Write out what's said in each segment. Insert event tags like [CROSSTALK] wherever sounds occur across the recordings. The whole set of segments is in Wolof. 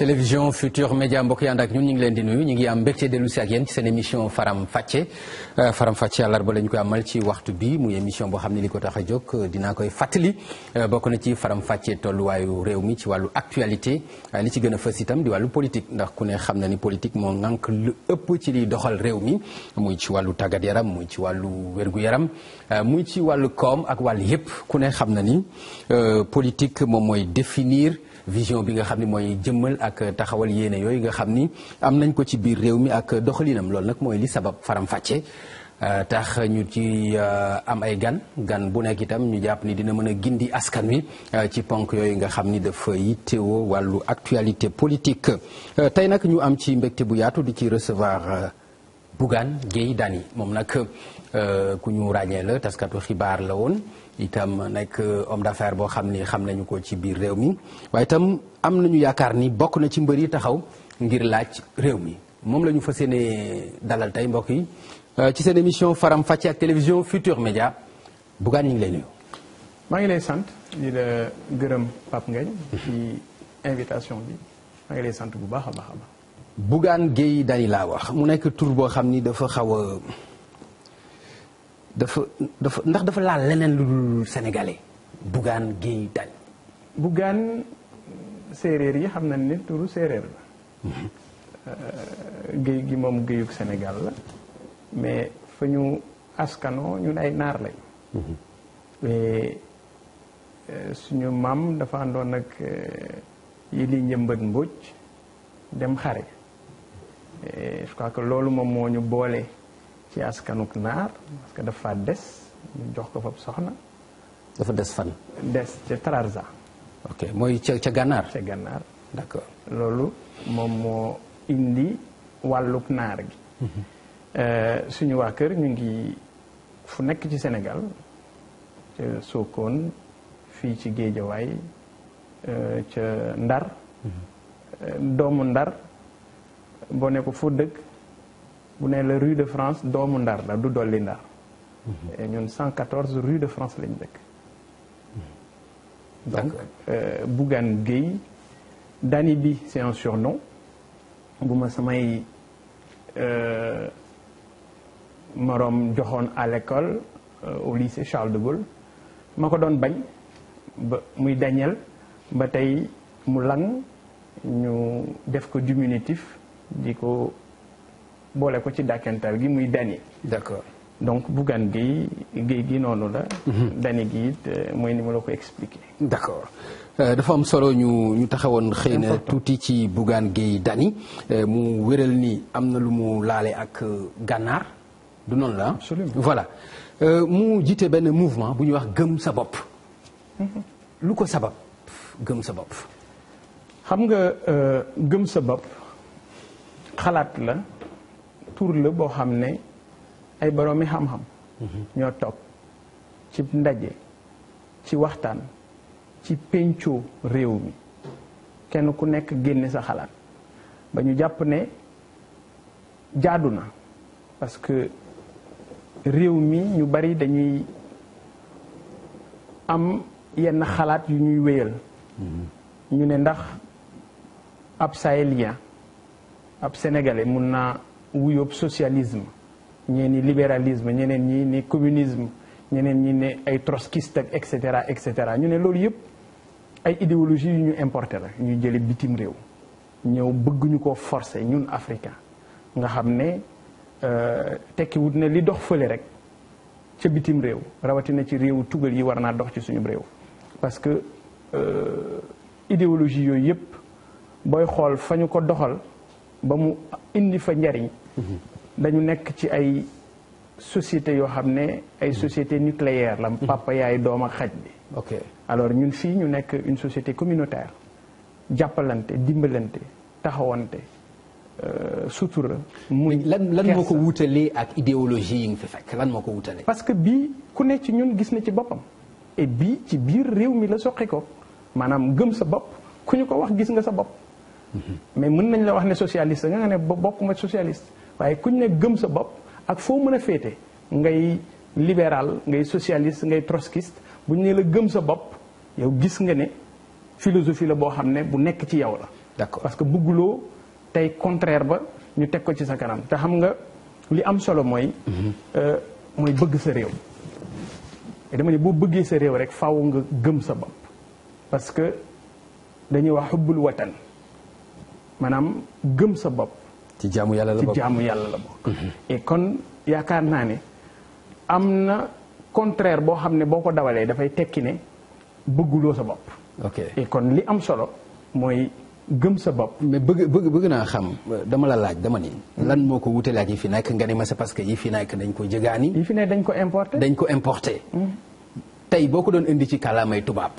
télévision Futur Média mbokk yi ànd ñun ñu ngi leen di nuyu ñu ngi am mbégte lu si ak yéen ci seen émission Faram Facce euh, Faram Facce àllarba la ñu koy amal ci waxtu bi muy émission boo xam ne li ko tax a jog euh, dinaa koy fàttali euh, bokk na ci Faram Facce tolluwaayu réew mi ci wàllu actualité li ci gën a fës itam di wàllu politique ndax ku ne xam na ni politique moo ŋànk lu ëpp ci liy doxal réew mi muy ci wàllu tàggat yaram muy ci wàllu wérgu yaram muy ci wàllu koom ak wàll yépp ku ne xam na ni politique moom mooy définir. vision bi nga xam ni mooy jëmmal ak taxawal yéene yooyu nga xam ni am nañ ko ci biir réew mi ak doxalinam loolu nag mooy li sabab faram fàcce euh, tax ñu ci euh, am ay gan gan bu nekk itam ñu jàpp ni dina mën a gindi askan wi euh, ci ponk yooyu nga xam ni dafa yittewoo wàllu actualité politique tey nag ñu am ci mbégte bu yaatu di ci recevoir Bougane Gueye Dany moom nag ku ñu ràññee la taskatu xibaar la woon itam nekk homme d'affaires boo xam ni xam nañu ko ci biir réew mi waaye itam am nañu yaakaar ni bokk na ci mbër yi taxaw ngir laaj réew mi moom lañu fa fas yéene dalal tey mbokk yi euh, ci seen émission Faram Facce ak télévision Futur Média Bougane ñu ngi lay nuyu. maa ngi lay sant di la gërëm Pape Ngagne ci invitation bi maa ngi sant bu baax a baax a baax. Bougane Gueye laa wax mu nekk tour boo xam ni dafa xaw a dafa dafa ndax dafa laal leneen lu dul sénégalais Bougane Guèye Dany Bougane séeréer yi xam na ni turu séeréer la mhm. euh, géej gi moom géejug Sénégal la mais fa ñu askano ñun ay naar lañ mhm. mais euh, suñu maam dafa àndoon ak euh, yi li njëmbat mbóoj dem xare je crois que loolu moom moo ñu boole ci askanuk naar parce que dafa des ñu jox ko fab soxna dafa des fan des ca Trarza ok mooy ca ca gànnaar ca gànnaar d'accord loolu moom moo indi wàllub naar gi mhm. euh, suñu waa kër ñu ngi fu nekk ci senegal ca Sokone fii ci Géejawaay euh, ca Ndar mhm. euh, doomu Ndar boo ne foo dëkk bu nee la rue de France doomu ndar la du dolli ndar et ñun 114 rue de France lañu dëkk donc euh, Bougane Gueye Dani bi c'est un surnom bu ma samay euh, moroom joxoon à l'école euh, au lycée Charles de Gaulle ma ko doon bañ ba muy Daniel ba tey mu lang ñu def ko diminutif di ko boole ko ci dàkkantal gi muy dani d'accord donc buggaan géy géy gi noonu la mhm. dani gi it euh, mooy ni ma la ko expliquer d'accord euh, dafa am solo ñu ñu taxawoon xëy na tuuti ci buggaan géy dani euh, mu wéral ni am na lu mu laale ak gànnaar du noonu la ah. voilà mu jiite benn mouvement bu ñuy wax gëm sa bopp mhm. lu ko sabab gëm sa bopp xam nga gëm sa bopp xalaat la tur la boo xam ne ay boroomi xam-xam mhm. ñoo toog ci ndaje ci waxtaan ci péncoo réew mi kenn ku nekk génne sa xalaat ba ñu jàpp ne jaadu na parce que réew mi ñu bari dañuy am yenn xalaat yu ñuy wéyal mhm. ñu ne ndax ab sahélien ab sénégalais mun naa wuyób socialisme ñee ni libéralisme ñeneen ñi ni communisme ñeneen ñi ne ay trotskiste ak cetera et cetera ñu ne loolu yëpp ay idéologie yu ñu importé la ñu jële bitim réew ñëw bëgguñu ko forcer ñun africain nga xam ne euh, tekkiwut ne li dox fële rek ca bitim réew rawatina ci réewu tugal yi war naa dox ci suñu réew parce que euh, idéologie yooyu yëpp booy xool fa ñu ko doxal ba mu indi fa njariñ mm-hmm. dañu nekk ci ay société yoo xam ne ay mm-hmm. société nucléaire la mm-hmm. papa yaay doom ak xaj bi ok alors ñun fii ñu nekk une société communautaire jàppalante dimbalante taxawante euh, sutura muy lan lan moo ko wutalee ak idéologie yi nga fi fekk lan moo ko wutalee parce que bii ku nekk ci ñun gis na ci boppam et bii ci biir réew mi la soqi ko maanaam gëm sa bopp ku ñu ko wax gis nga sa bopp mais mën nañ la wax ne socialiste nga nga ne bokkuma socialiste waaye kuñ ne gëm sa bopp ak foo mën a féete ngay libéral ngay socialiste ngay trotskiste buñ ne la gëm sa bopp yow gis nga ne philosophie la boo xam ne bu nekk ci yow la. d'accord parce que bugguloo tey contraire ba ñu teg ko ci sa kanam te xam nga li am solo mooy. Mhm. Euh, mooy bëgg sa réew. dama ne boo bëggee sa réew rek faw nga gëm sa bopp parce que dañuy wax xubbul watan. maanaam gëm sa bopp. ci jaamu yàlla la bokk ci jaamu yàlla la bokk. Mm-hmm. et kon yaakaar naa ne am na contraire boo xam ne boo ko dawalee dafay tekki ne bëgguloo sa bopp. ok kon li am solo mooy gëm sa bopp. mais bëgg bëgg bëgg naa xam dama la laaj dama ni. lan moo ko wutale ak yi fi nekk nga ne ma c'est parce que yi fi nekk dañ ko jëgaani. yi fi nekk dañ ko importé. dañ ko importé. Mm-hmm. tey boo ko doon indi ci kàllaamay tubaab.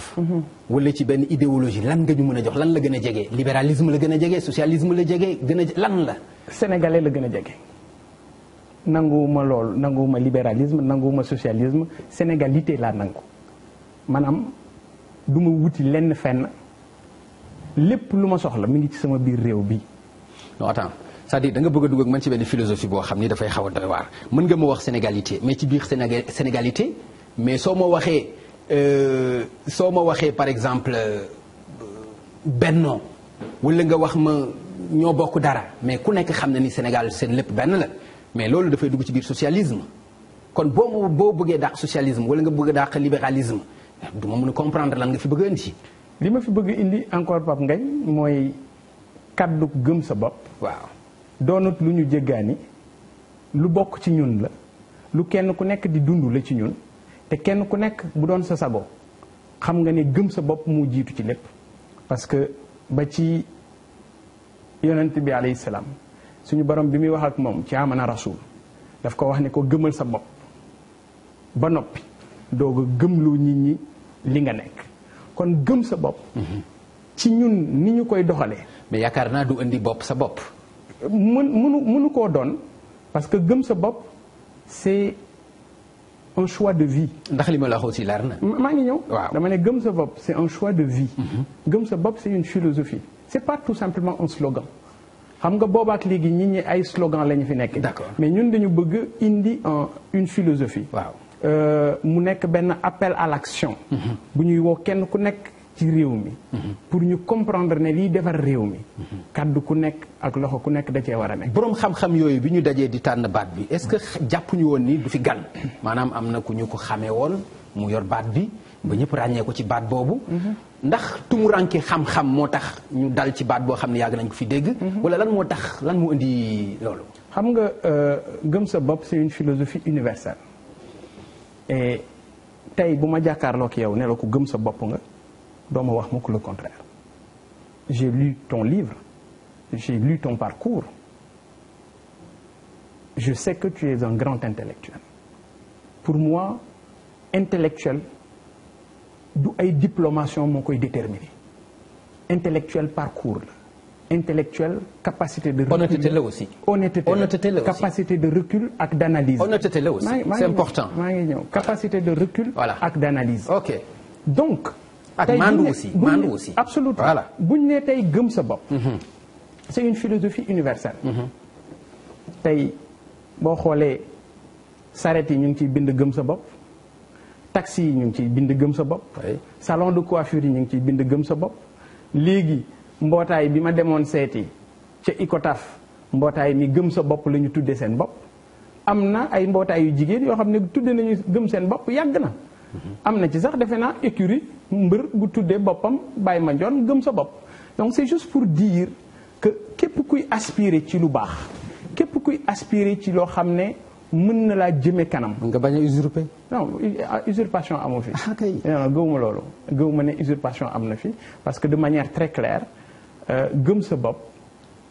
wala ci benn idéologie lan nga ñu mën a jox lan la gën a jege libéralisme la gën a jege socialisme la jege gën a lan la. sénégalais la gën a jege. nanguwuma lool nanguwuma libéralisme nanguwuma socialisme sénégalité laa nangu maanaam du ma wuti lenn fenn lépp lu ma soxla mi ngi ci sama biir réew bi non attends cest da nga bëgg a dugg man ci benn philosophie boo xam ni dafay xaw a doy mën nga ma wax sénégalité mais ci biir sénégalité mais soo ma waxee euh, soo ma waxee par exemple euh, bennoo wala nga wax ma ñoo bokk dara mais ku nekk xam na ni Sénégal seen lépp benn la mais loolu dafay dugg ci biir socialisme kon boo boo bëggee dàq socialisme wala nga bëgg dàq libéralisme du ma mun a comprendre lan nga fi bëgg indi. li ma fi bëgg indi encore Pape ngay mooy kaddu gëm sa bopp. waaw doonut lu ñu jéggaani lu bokk ci ñun la lu kenn ku nekk di dund la ci ñun. te kenn ku nekk bu doon sa sago xam nga ni gëm sa bopp mu jiitu ci lépp parce que ba ci yonent bi alayhi salaam suñu borom bi muy wax ak moom ci amana rasul daf ko wax ne ko gëmal sa bopp ba noppi doog a lu nit ñi li nga nekk kon gëm sa bopp ci ñun ni ñu koy doxalee mais yaakaar naa du indi bopp sa bopp mën mënu mënu koo doon parce que gëm sa bopp c'est un choix de vie. ndax li ma la wax aussi leer na. maa ngi ñëw. waaw dama ne gëm sa bopp c' est un choix de vie. Mhm. gëm sa bopp c' une philosophie. c' pas tout simplement un slogan. xam nga boobaak léegi nit ñi ay slogan la ñu fi nekk. d' mais ñun dañu bëgg indi un une philosophie. waaw euh, mu nekk benn appel à l' mhm. bu ñuy woo kenn ku nekk ci réew mi pour ñu comprendre ne liy defar réew mi kaddu ku nekk ak loxo ku nekk da cee war a nekk boroom xam-xam yooyu bi ñu dajee di tànn baat bi est-ce que jàppuñu woon nii du fi gan maanaam am na ku ñu ko xamee woon mu yor baat bi ba ñëpp ràññee ko ci baat boobu ndax tumuranke xam-xam moo tax ñu dal ci baat boo xam ne yàgg nañ ko fi dégg wala lan moo tax lan moo indi loolu xam nga euh, gëm sa bopp c'est une philosophie universelle et tey bu ma jàkkaarlook yow ko gëm sa bopp nga doo ma wax mukk le contraire j'ai lu ton livre lu ton parcours je sais que tu es un grand intellectuel pour moi intellectuel du ay diplomation moo koy déterminer intellectuel parcours la intellectuel capacité de recul honnêteté la aussi honnêteté la capacité de recul ak d'analyse honnêteté la aussi c'est important maa ngi ñëw capacité de recul voilà ak d'analyse ok donc ak mandu aussi mandu aussi absolument voilà ne tey gëm sa bopp mhm. c'est une philosophie mhm. boo xoolee saret yi ñu ngi ciy bind gëm sa bopp taxi yi ñu ngi ciy bind gëm sa bopp salon de coiffure yi ñu ngi ciy bind gëm sa bopp léegi mbootaay bi ma demoon seeti ca ICOTAF mbootaay mi gëm sa bopp la tuddee seen bopp am na ay mbootaay yu jigéen yoo xam ne tudde nañu gëm seen bopp yàgg na am na ci sax defe naa écurie mbër bu tuddee boppam bàyyi ma njoon gëm sa bopp donc c'est juste pour dire que képp kuy aspirer ci lu baax képp kuy aspirer ci loo xam ne mën na laa jëme kanam. nga bañ a usurper. non usurpation amu fi. ah kay gëwuma loolu gëwuma ne usurpation am na fi parce que de manière très claire euh, gëm sa bopp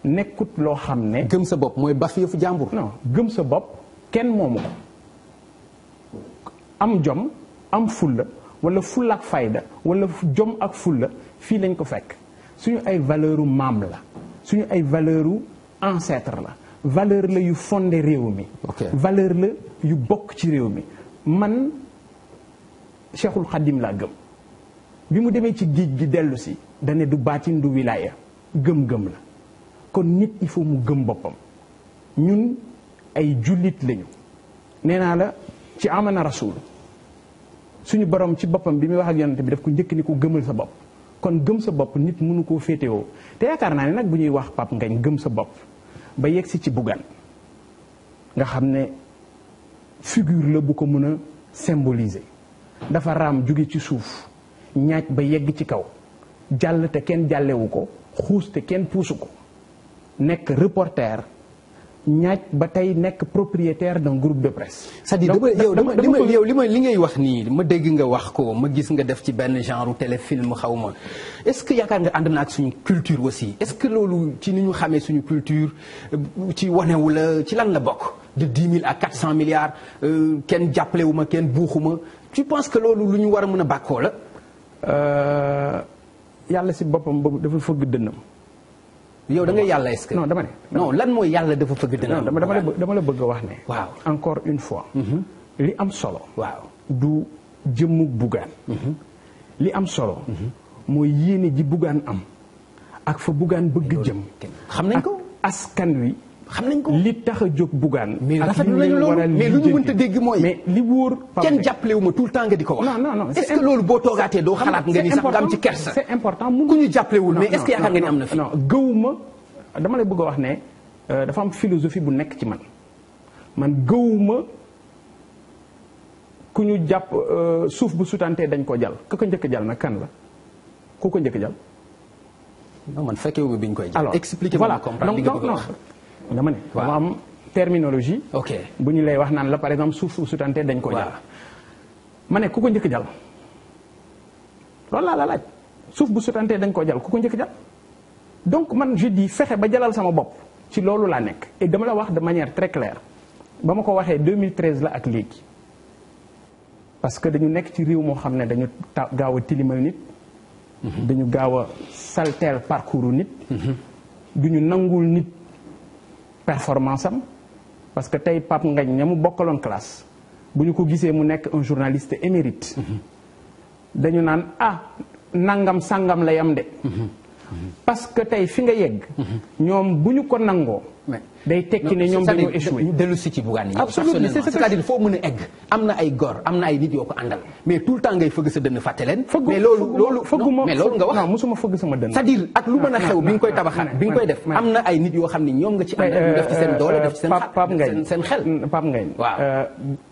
nekkut loo xam ne. gëm sa bopp mooy baf yëfu jàmbur. non gëm sa bopp kenn moomu ko am jom. am fulla wala fulla ak fayda wala jom ak fulla fii lañ ko fekk suñu ay valeur maam la suñu ay valeur u ancêtre la valeur la yu fonde réew mi valeur la yu bokk ci réew mi man cheikhul xadim laa gëm bi mu demee ci géej gi dellusi si dane du baatin du wilaaya gëm-gëm la kon nit il faut mu gëm boppam ñun ay jullit lañu nee naa la ci amana rasul suñu borom ci boppam bi muy wax ak yonante bi daf ko njëkk ni ko gëmal sa bopp kon gëm sa bopp nit mënu koo féetewoo te yaakaar naa ne nag bu ñuy wax pap ngañ gëm sa bopp ba yegg si ci buggaan nga xam ne figure la bu ko mën a symboliser dafa raam jóge ci suuf ñaaj ba yegg ci kaw jàll te kenn jàllewu ko xuus te kenn puusu ko nekk reporter ñaaj ba tey nekk propriétaire d'un groupe de presse. cest à dama yow yow li ma li ngay wax nii ma dégg nga wax ko ma gis nga def ci benn genre téléfilm xaw ma est-ce que yaakaar nga ànd na ak suñu culture aussi est-ce que loolu ci ni ñu xamee suñu culture euh, ci wanewu la ci lan la bokk de dix mille à quatre cent milliards euh, kenn jàppalewu ma kenn buuxuma tu pense que loolu lu ñu war a mën a bàkkoo la. Euh, yàlla si boppam boobu dafa fëgg dënnam. yow da ngay yàlla est-ce que. non dama lan mooy yàlla dafa fëgg dina. dama dama dama la bëgg wax ne. waaw encore une fois. Mm-hmm. li am solo. waaw du jëmmu bugaan. Mm-hmm. li am solo. Mm-hmm. mooy yéene ji bugaan am ak fa bugaan bëgg jëm. xam askan wi. xam nañ ko li tax a jóg bugaan. mais rafetlu nañ loolu mais lu ñu mënta dégg mooy. mais li wóor kenn jàppalewu ma tout le temps nga di ko wax. non non non est boo toogaatee doo xalaat nga ni am ci kersa. c'est important ku ñu jàppalewul mais est-ce que yaakaar nga ni am gëwuma dama la bëgg a wax ne euh, dafa am philosophie bu nekk ci man man gëwuma ku ñu jàpp euh, suuf bu sutantee dañ ko jàll ku ko njëkk jàll nag kan la ku ko njëkk jàll. non man fekkewuma biñ koy jàll. alors expliquez-moi comprendre dama ne dama am terminologie bu ñu lay wax naan la par exemple suuf su sutante dañ ko jàll ma ne ku ko njëkk jal loolu laa la laaj suuf bu sutantee dañ koo jàll ku ko njëkk jàll donc man je dis fexe ba jalal sama bopp ci loolu laa nekk et dama la wax de manière très claire ba ma ko waxee 2013 la ak léegi parce que dañu nekk ci réew moo xam ne dañu ta gaaw tilimal nit mhm. dañu gaaw a salteel parcours nit mhm. duñu nangul nit performance am parce que tey Pape Ngagne ña mu bokkaloon classe bu ñu ko gisee mu nekk un journaliste émérite dañu naan ah nangam sàngam lay am de mhm. parce que tey fi nga yegg mhm. ñoom bu ñu ko nangoo day tekki ne ñoom dañoo échoué dellu si ci Bougane yow personnellement cest foo mën a egg am na ay góor am na ay nit yoo ko àndal mais tout le temps ngay fëgg sa dënn fàtte leen mais loolu loolu mais loolu nga wax non mosuma fëgg sama dënn cest à ak lu mën a xew bi nga koy tabaxaat bi nga koy def am na ay nit yoo xam ne ñoom nga ci àndal euh, def ci seen euh, doole def ci seen Pape Ngagne seen xel mm, Pape euh,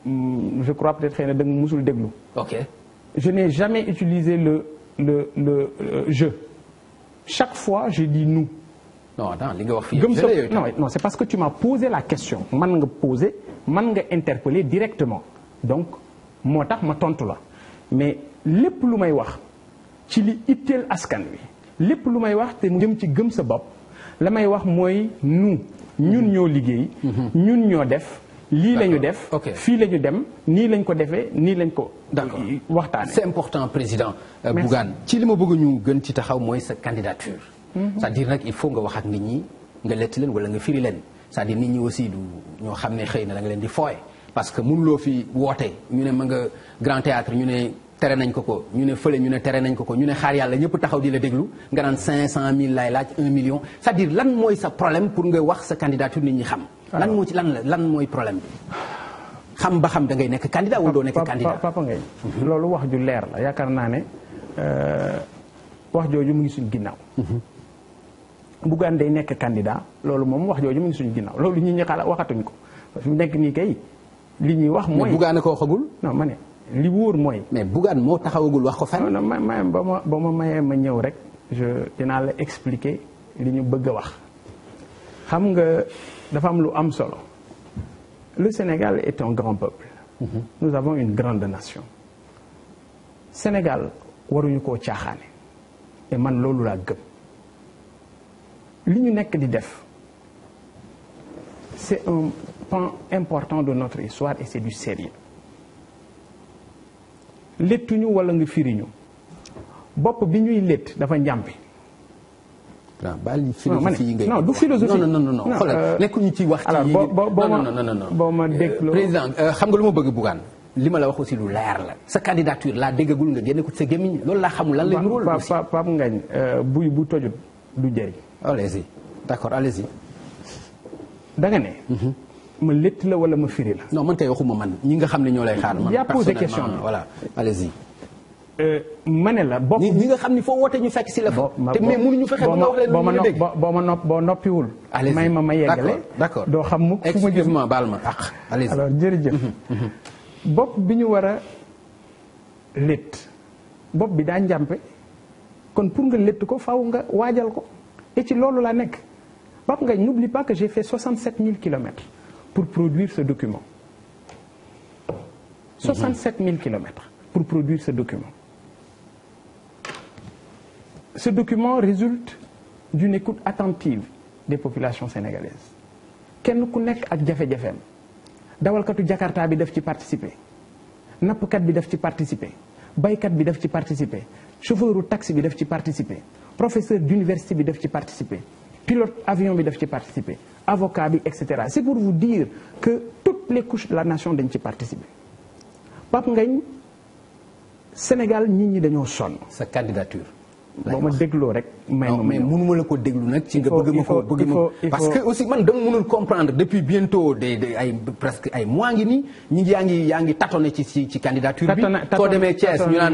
mm, je crois xëy na da nga mosul déglu ok je n'ai jamais utilisé le le le jeu chaque fois je dis nous non attends li nga wax fii. gëm sa non non c'est parce que tu m'as posé la question man nga posé man nga interpeller directement donc moo tax ma tontu la mais lépp lu may wax ci li itteel askan wi lépp lu may wax te mu jëm ci gëm sa bopp la may wax mooy nu ñun mhm. ñoo liggéey. Mhm. ñun ñoo def. lii la ñu def fii la ñu dem nii lañ ko defee nii lañ ko d'accord waxtaane c'est important président euh, Bougane ci li ma bëgg ñu gën ci taxaw mooy sa candidature Mm-hmm. c'est-à-dire nag il faut nga wax ak nit ñi nga lett leen wala nga firi leen cest à nit ñi aussi du ñoo xam ne xëy na da nga leen di fooye parce que mënuloo fi woote ñu ne ma nga grand théâtre ñu ne tere nañ ko ko ñu ne fële ñu ne tere nañ ko ko ñu ne xaar yàlla ñëpp taxaw di la déglu nga naan 500000 laay laaj 1 million c'est-à-dire lan mooy sa problème pour nga wax sa candidature nit ñi xam. lan moo ci lan lan mooy problème bi. xam ba xam da ngay nekk candidat wala doo nekk candidat mm-hmm. loolu wax ju leer la yaakaar naa ne euh, wax Bougane day nekk candidat loolu moom wax jooju mu ngi suñu ginnaaw loolu ñu ñi xalaat waxatuñ ko fi mu nekk nii kay. li ñuy wax mooy mais Bougane ko waxagul. non ma ne li wóor mooy. mais Bougane moo taxawagul wax ko fan. non ma ma ba ma ba ma mayee ma ñëw rek. je dinaa la expliquer li ñu bëgg a wax. xam nga dafa am lu am solo. le Sénégal est un grand peuple. Mhm. nous avons une grande nation. Sénégal waruñu koo caaxaane. et man loolu laa gëm. li ñu nekk di def c'est un point important de notre histoire et c'est du sérieux léttuñu wala nga firiñu bopp bi ñuy létt dafa njàmpi waaw baal ñu philosophie yi ngay du philosophie non non non non xoolal nekkuñu euh, ci wax. alors boo boo boo ma non non boo ma dégloo euh, président euh, xam nga lu ma bëgg Bougane li ma la wax aussi lu leer la. sa candidature laa déggagul nga génne ko sa gémmiñ loolu laa xamul lan lay. nuróol aussi Pape Ngagne buy bu tojut du jëriñ. allez-y d'accord allez-y da ne. Mhm. ma létt la wala ma firi la. non man kay waxuma man ñi nga xam ne ñoo lay xaar. man yaa posé question bi voilà allez-y. Euh, ma ne la bokk ñi nga xam ni foo woote ñu si la fa. te mais mënuñu fexe ba nga wax nopp boo noppiwul. may ma ma yeggale d'accord doo xam mu fu ma ma ak ah, allez-y alors jërëjëf. Mhm, mhm. bopp bi ñu war a bopp bi daa njàmpe kon pour nga létt ko faaw nga waajal ko. et loolu la nekk Pape ni n'oublie pas que j'ai fait 67 000 kilomètres pour produire ce document 67 mhm. 000 kilomètres pour produire ce document ce document résulte d'une écoute attentive des population sénégalaises kenn ku nekk ak jafe-jafeem dawalkatu Jakarta bi def ci participer nappkat bi def ci participer baykat bi def ci participer chauffeuru taxi bi daf ci participer professeur d'université bi def ci participer pilote avion bi def ci participer avocat bi et cetera c'est pour vous dire que toutes les couches de la nation dañ ci participer Pape Ngagne Sénégal nit ñi dañoo sonn. sa candidature. boo ma dégloo rek. may ma mais mënuma la ko déglu nag. ci nga bëgg ma ko bëgg ma parce que aussi man dama mënul comprendre depuis bientôt des des ay presque ay mois ngi nii ñi ngi yaa ngi yaa ngi tâtonné ci ci ci candidature bi. soo demee nga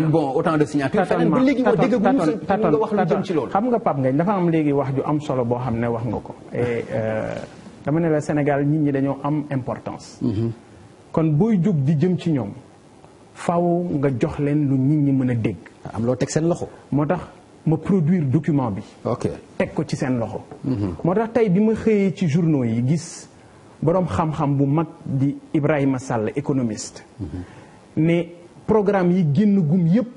wax lu jëm ci loolu. xam nga Pape Ngagne dafa am léegi wax ju am solo boo xam ne wax nga ko. Euh, dama ne la Sénégal nit ñi dañoo am importance. Mhm. kon booy jóg di jëm ci ñoom. faaw nga jox leen lu nit ñi mën a dégg. am loo teg seen loxo moo tax. ma produire document bi. ok teg ko ci seen loxo. Mhm. moo tax tey bi ma xëyee ci journaux yi gis boroom xam-xam bu mag di Ibrahima Sall économiste. Mhm. ne programme yi génn gum yépp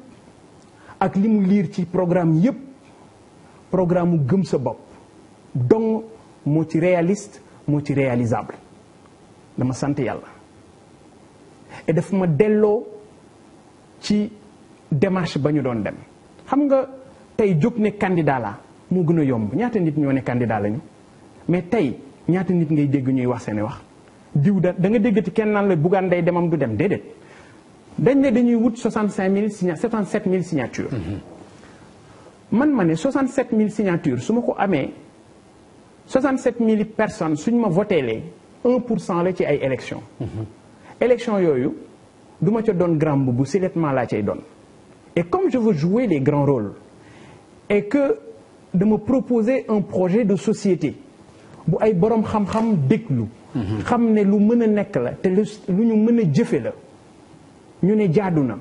ak li mu liir ci programme yépp programme mu gëm sa bopp donc moo ci réaliste moo ci réalisable dama sant yàlla. et daf ma delloo ci démarche ba ñu doon dem xam nga. tey jóg ne candidat la moo gën a yomb ñaata nit ñoo ne candidat lañu mais tey ñaata nit ngay dégg ñuy wax seeni wax diw da da nga déggati kenn naan la Bougane day demam du dem déedéet dañ ne dañuy wut 65000 signa 77000 signatures. Mm-hmm. man ma ne 67000 signatures su ma ko amee 67000 personnes suñ ma voteelee 1 pour cent la ci ay élections. Mm-hmm. élections yooyu du ma ca doon grand mbubb silettement laa cay doon et comme je veux jouer les grands rôles. et que dama proposer un projet de société bu ay borom xam-xam lu xam ne lu mën a nekk la te lu ñu mën a jëfe la ñu ne jaadu na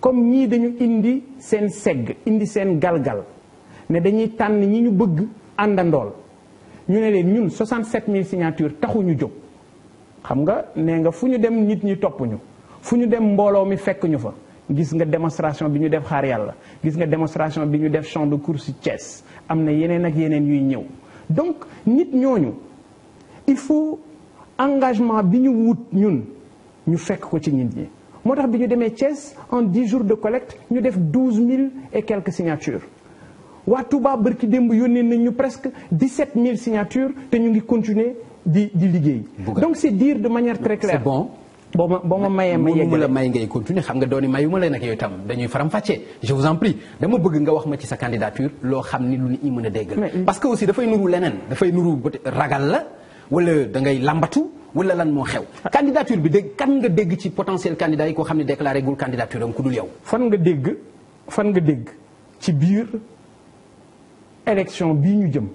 comme ñii dañu indi seen segg indi seen galgal ne dañuy tànn ñi ñu bëgg àndandool ñu ne leen ñun 67000 signatures taxuñu jóg xam nga nee nga fu ñu dem nit ñi toppuñu fu ñu dem mbooloo mi fekk ñu fa. gis nga démonstration bi ñu def xaar yàlla gis nga démonstration bi ñu def champ de course Thiès am na yeneen ak yeneen yuy ñëw donc nit ñooñu il faut engagement bi ñu wut ñun ñu fekk ko ci nit ñi moo tax bi ñu demee Thiès en dix jours de collecte ñu def douze mille et quelques signatures waa Touba bërki démb yónnee nañ ñu presque dix-sept mille signatures te ñu ngi continuer di di liggéey donc c'est dire de manière très claire boo ma boo ma mayee ma yegg la may ngay continuer xam nga dooni ma la nag yooyu tam dañuy faram fàccee je en prie dama bëgg nga wax ma ci sa candidature loo xam ni lu nit ñi mën a dégg la parce que aussi dafay nuru leneen dafay nuru ragal la wala da ngay làmbatu wala lan moo xew ah. candidature bi dégg kan nga dégg ci potentiel candidat yi ko xam ne déclaré gul candidature am ku dul yow fan nga dégg fan nga dégg ci biir élection bii ñu jëm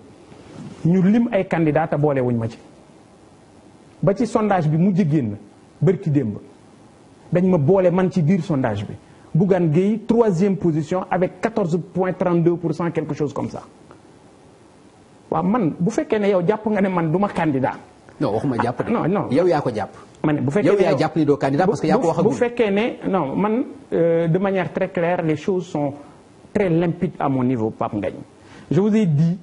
ñu lim ay candidat wuñ ma ci ba ci sondage bi mu jigéen bërki démb dañ ma boole man ci biir sondage bi Bougane Gueye troisième position avec 14 point 32 pour cent quelque chose comme ça waaw man bu fekkee ne yow jàpp nga ne man du ma candidat non waxuma jàpp ah, non non yow yaa ko jàpp ma ne bu fekkee yow yaa jàpp ni doo candidat parce que yaa ko waxagul bu fekkee ne non man euh, de manière très claire les choses sont très limpides à mon niveau Pape Ngagne je vous ai dit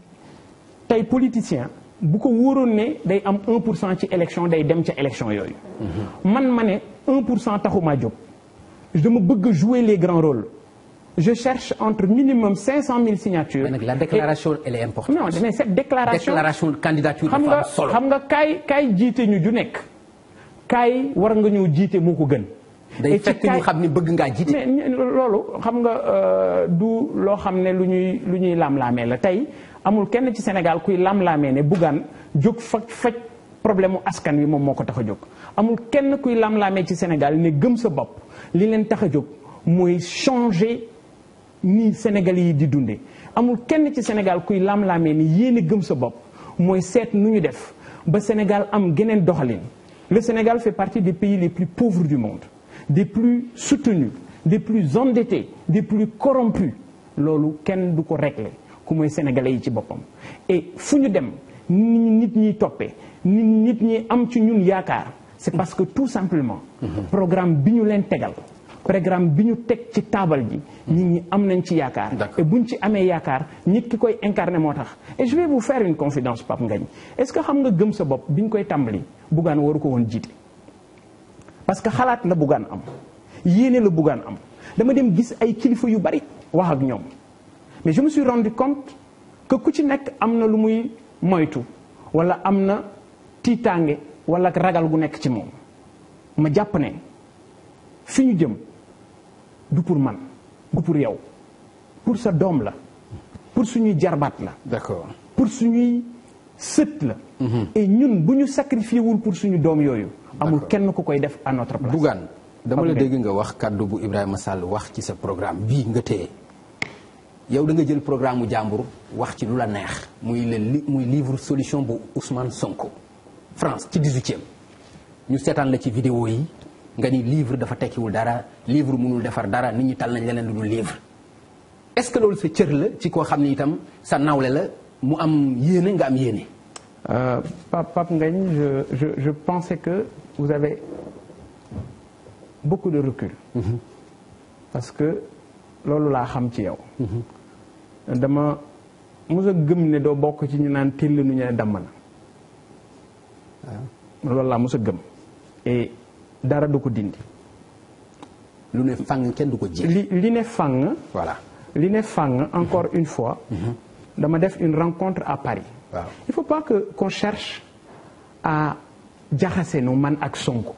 tey politicien bu ko wóoroon ne day am 1 pour cent ci élection day dem ca élection yooyu. man ma ne 1 pour cent taxumaa jóg. dama bëgg jouer les grands rôles. je cherche entre minimum 500 000 signatures. mais nag la déclaration elle est importante. non mais cette déclaration déclaration candidature dafa am solo xam nga kaay kaay jiite ñu ju nekk. kaay war nga ñëw jiite moo ko gën. day fekk ñu xam ne bëgg ngaa jiite. loolu xam nga euh, du loo xam ne lu ñuy lu ñuy laam-laamee la tey. amul kenn ci Sénégal kuy lam-laamee ne Bougane jóg fa faj problème mu askan wi moom moo ko tax a jóg amul kenn kuy lam-laamee ci Sénégal ne gëm sa bopp li leen tax a jóg mooy changer ni sénégal yi di dundee amul kenn ci Sénégal kuy lam-laamee ni yéen a gëm sa bopp mooy seet nu ñu def ba Sénégal am geneen doxalin le Sénégal fait partie des pays les plus pauvres du monde des plus soutenus des plus endettés des plus corrompus loolu kenn du ko régler ku mooy sénégalais yi ci boppam et fu ñu dem nit ñiy toppe ni nit ñi am ci ñun yaakaar c'est parce que tout simplement mhm. programme bi ñu leen tegal programme bi ñu teg ci taabal ji mhm. nit ñi am nañ ci yaakaar bu ñu ci amee yaakaar nit ki koy incarner moo tax et je vais vous faire une confidence Pape Ngagne est-ce que xam nga gëm sa bopp bi ñu koy tàmbali Bougane waru ko woon jiite parce que xalaat la Bougane am yéene la Bougane am dama dem gis ay kilifa yu bari wax ak ñoom mais je me suis rendu compte que ku ci nekk am na lu muy moytu walla am na tiitaange wala ragal gu nekk ci moom ma jàpp ne fi ñu jëm du pour man du pour yow pour sa doom la pour suñuy jarbaat la. d'accord pour suñuy sët la. Mhm. et ñun bu ñu sacrifié wul pour suñu doom yooyu. amul kenn ku koy def à notre place. Bougane dama la dégg nga wax kàddu bu Ibrahima Sall wax ci sa programme bii nga téye. yow da nga jël programme mu jàmbur wax ci lu la neex muy le muy livre solution bu Ousmane Sonko France ci 18e ñu seetaan la ci vidéo yi nga ni livre dafa tekkiwul dara livre munul defar dara nit ñi tal nañ leneen lu dul livre est-ce que loolu sa cër la ci koo xam ne itam sa nawle la mu am yéene nga am yéene. Euh, Pape Pape Ngagne je je je pensais que vous avez beaucoup de recul. Mm-hmm. parce que loolu laa xam ci yow. dama mos gëm ne doo bokk ci ñu naan teel nu ñu ne damm na. loolu laa mos a gëm. et dara du ko dindi. lu ne fang kenn du ko ji. li li ne fang. voilà li ne fang encore mhm. une fois. Mhm. dama def une rencontre à Paris. waaw il faut pas que concherche a à jaxase nu man ak Sonko.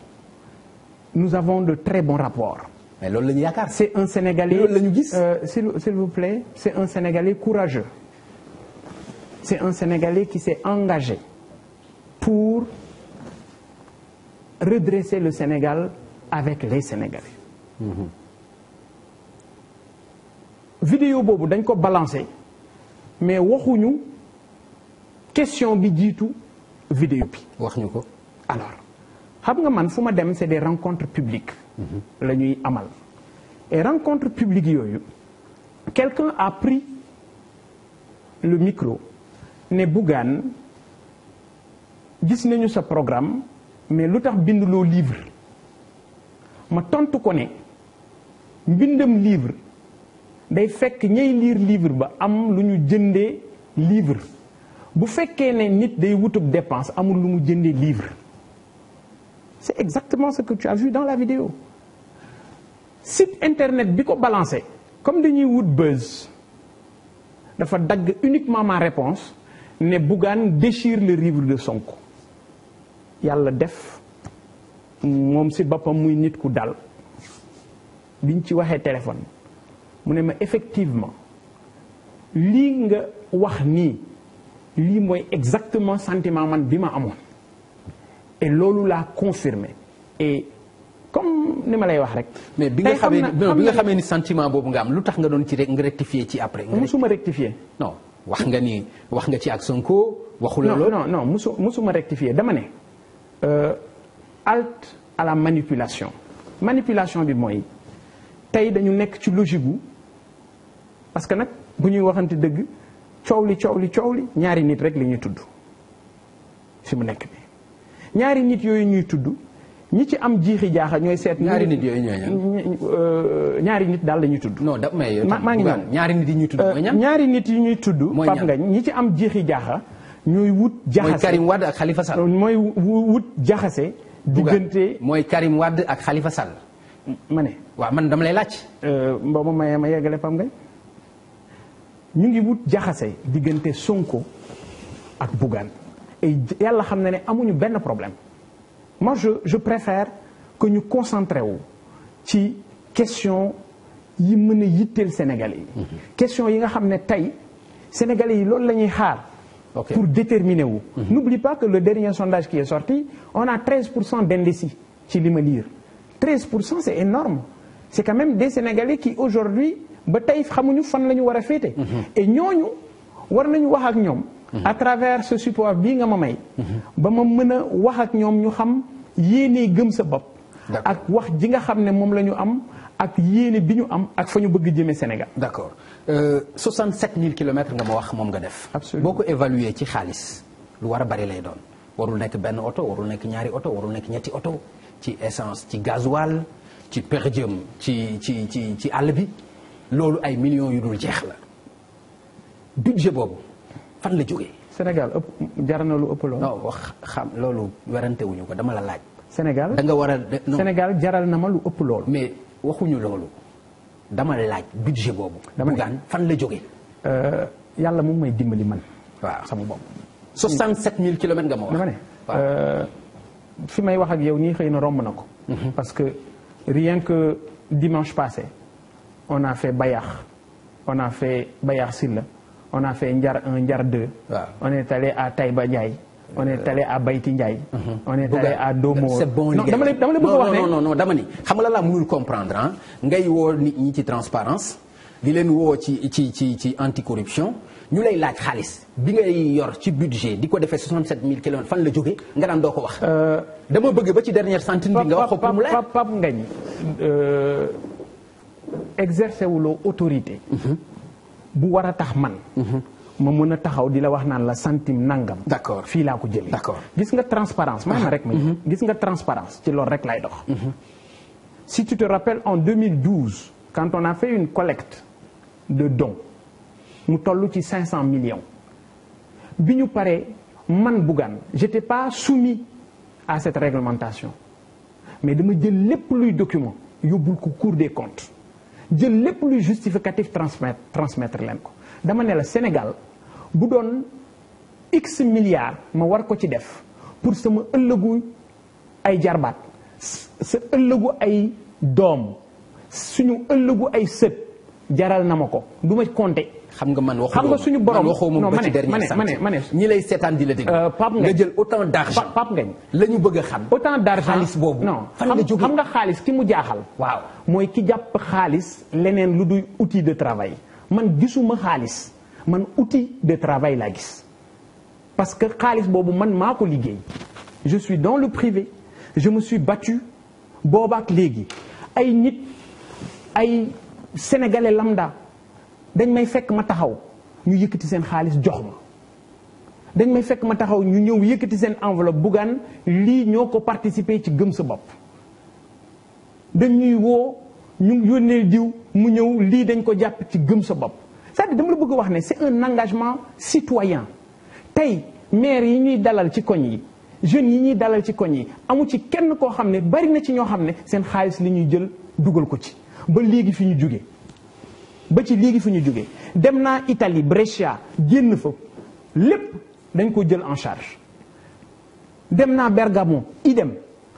nous avons de très bons rapports. mais loolu la yaakaar. c'est un sénégalais la ñu gis. Euh, s'il s'il vous plaît c'est un sénégalais courageux c'est un sénégalais qui s'est engagé pour redresser le Sénégal avec les Sénégalais. Mmh. vidéo boobu dañ ko balancé mais waxuñu question bi jiitu vidéo bi. wax ñu ko alors xam nga man fu ma dem c'est des rencontres publiques. la ñuy amal et rencontre publique yooyu quelqu'un a pris le micro ne Bougane gis nañu sa programme mais lu tax binduloo livre ma tontu ko ne mbindam livre day fekk ñay liir livre ba am lu ñu jëndee livre bu fekkee ne nit day wutub dépense amul lu mu jënde livre c'est exactement ce que tu as vu dans la vidéo site internet bi ko balancé comme dañuy wut buzz dafa dagg uniquement ma réponse ne Bougane déchire le livre de sonk yàlla def moom si boppam muy nit ku dal biñ ci waxee téléphone mu ne ma effectivement lii nga wax nii lii mooy exactement sentiment man bi ma amoon et loolu laa confirmé comme ni ma lay wax rek. mais bi nga xamee ni bi nga xamee ni sentiment boobu nga am lu tax nga doon ci rek nga rectifier ci après. nga musuma rectifier. non wax nga ni wax nga ci ak Sonko waxul la loolu non non musu musuma rectifier dama ne. Euh, halte à la manipulation manipulation bi mooy tey dañu nekk ci logique gu parce que nag bu ñuy waxante dëgg coow li coow li coow li ñaari nit rek li ñuy tudd fi mu nekk bi ñaari nit yooyu ñuy tudd. ñi ci am jiixi jaaxa ñooy seet. ñaari nit yooyu ñooy euh, ñaari nit daal la ñuy tudd. non mais maa ngi ñëw ñaari nit yi ñuy tudd euh, mooy ñan. ñaari nit yi ñuy tudd. mooy ñan Pape Ngagne ñi ci am jiixi jaaxa. ñooy wut jaxase mooy Karim Wade ak Khalifa wut jaxase. diggante mooy Karim Wade ak Khalifa sal ma ne. man dama lay laaj. Euh, mboobu ma ma yeggale Pape Ngagne ñu ngi wut jaxase diggante Sonko ak Bougane yàlla xam na ne amuñu benn problème. moi je je que ñu concentré wu ci question yi mën a yitteel sénégalais yi. Mm -hmm. question yi nga xam ne tey sénégalais yi loolu la ñuy xaar. Okay. pour déterminer wu. Mm -hmm. n'oublie pas que le dernier sondage qui est sorti on a 13 pour cent d'indécis ci li ma liir 13 pour cent c'est énorme c'est quand même des sénégalais qui aujourd'hui ba tey xamuñu fan la ñu war a féete. Mhm. et ñooñu war nañu wax ak ñoom. à travers ce support bii nga ma may. ba ma mën a wax ak ñoom ñu xam yéenee gëm sa bopp. ak wax ji nga xam ne moom la ñu am ak yéene bi ñu am ak fa ñu bëgg jëmme Sénégal. d' accord euh, mille kilomètres nga ma wax moom nga def. absolument boo ko évaluer ci xaalis lu war a bari lay doon warul nekk benn oto warul nekk ñaari oto warul nekk ñetti oto ci essence ci gasoil ci per diem ci ci ci ci àll bi loolu ay million yu dul jeex la budget boobu fan la jóge Sénégal ëpp jar na lu ëpp loolu. non wax xam loolu werante wuñu ko dama la laaj. Sénégal da nga war a Sénégal jaral na ma lu ëpp loolu. mais waxuñu loolu dama la laaj budget boobu. dama ne fan la jógee. Euh, yàlla moom may dimbali man. waaw sama bopp. 67 000 kilomètres nga ma wax. dama ne euh, fi may wax ak yow nii xëy na romb na ko. Mhm. parce que rien que dimanche passé on a fait Bayax on a on a fait Ndiar 1, Ndiar 2. Wow. On est allé à Taïba Ndiaye. on est allé à Bayti Ndiaye. Mhm. on dama lay bëgg a wax ne non non dama ni xam nga la mënul comprendre ah ngay woo nit ñi ci transparence di woo ci ci ci ci anticorruption ñu lay laaj xaalis bi ngay yor ci budget di ko defee 67000 kilomètres fan la jógee nga daan doo ko wax. Euh, dama bëgg ba ci dernière centaine bi nga wax ko pour mu la Pape Ngagne euh, autorité. Mhm. bu war a tax man. Mhm. ma mën a taxaw di la wax naan la centime nangam. d'accord fii laa ko jëlee. d'accord gis nga transparence maanaam rek ma mhm. gis nga transparence ci loolu rek lay dox. Mhm. si tu te rappelles en 2012 quand on a fait une collecte de dons mu toll ci 500 millions bi ñu paree man Bougane j'étais pas soumis à cette réglementation mais dama jël lépp luy document yóbbul ko Cour des comptes. jël lépp luy justificatif transmettre transmettre leen ko dama ne la Sénégal bu doon x milliards ma war ko ci def pour sama ëllëgu ay jarbaat sa ëllëgu ay doom suñu ëllëgu ay sët jaral na ma ko du ma compter xam nga man waxoo xam nga suñu borom non ma ne ma ne ma ne ñi lay seetaan di la dégg. Euh, Pape Ngagne nga jël autant d' argent Pape Ngagne la ñu bëgg a xam. autant d' argent xaalis boobu. non xam nga xaalis ki mu jaaxal. waaw mooy ki jàpp xaalis leneen lu duy outil de travail man gisuma xaalis man outil de travail laa gis parce que xaalis boobu man maa ko liggéey. je suis dans le privé je me suis battu boobaak léegi ay nit ay sénégalais lamda dañ may fekk ma taxaw ñu yëkkati seen xaalis jox ma dañ may fekk ma taxaw ñu ñëw yëkkati seen enveloppe Bougane lii ñoo ko participer ci gëm sa bopp dañ ñuy woo ñu yónnee diw mu ñëw lii dañ ko jàpp ci gëm sa bopp cest à dama la bëgg wax ne c'est un engagement citoyen tey maire yi ñuy dalal ci koñ yi jeunes yi ñuy dalal ci koñ yi amu ci kenn koo xam ne bari na ci ñoo xam ne seen xaalis li ñuy jël dugal ko ci ba léegi fi ñu jóge ba ci léegi fu ñu jógee dem naa Italie Brescia génn fa lépp dañ ko jël en charge dem naa Bergamo idem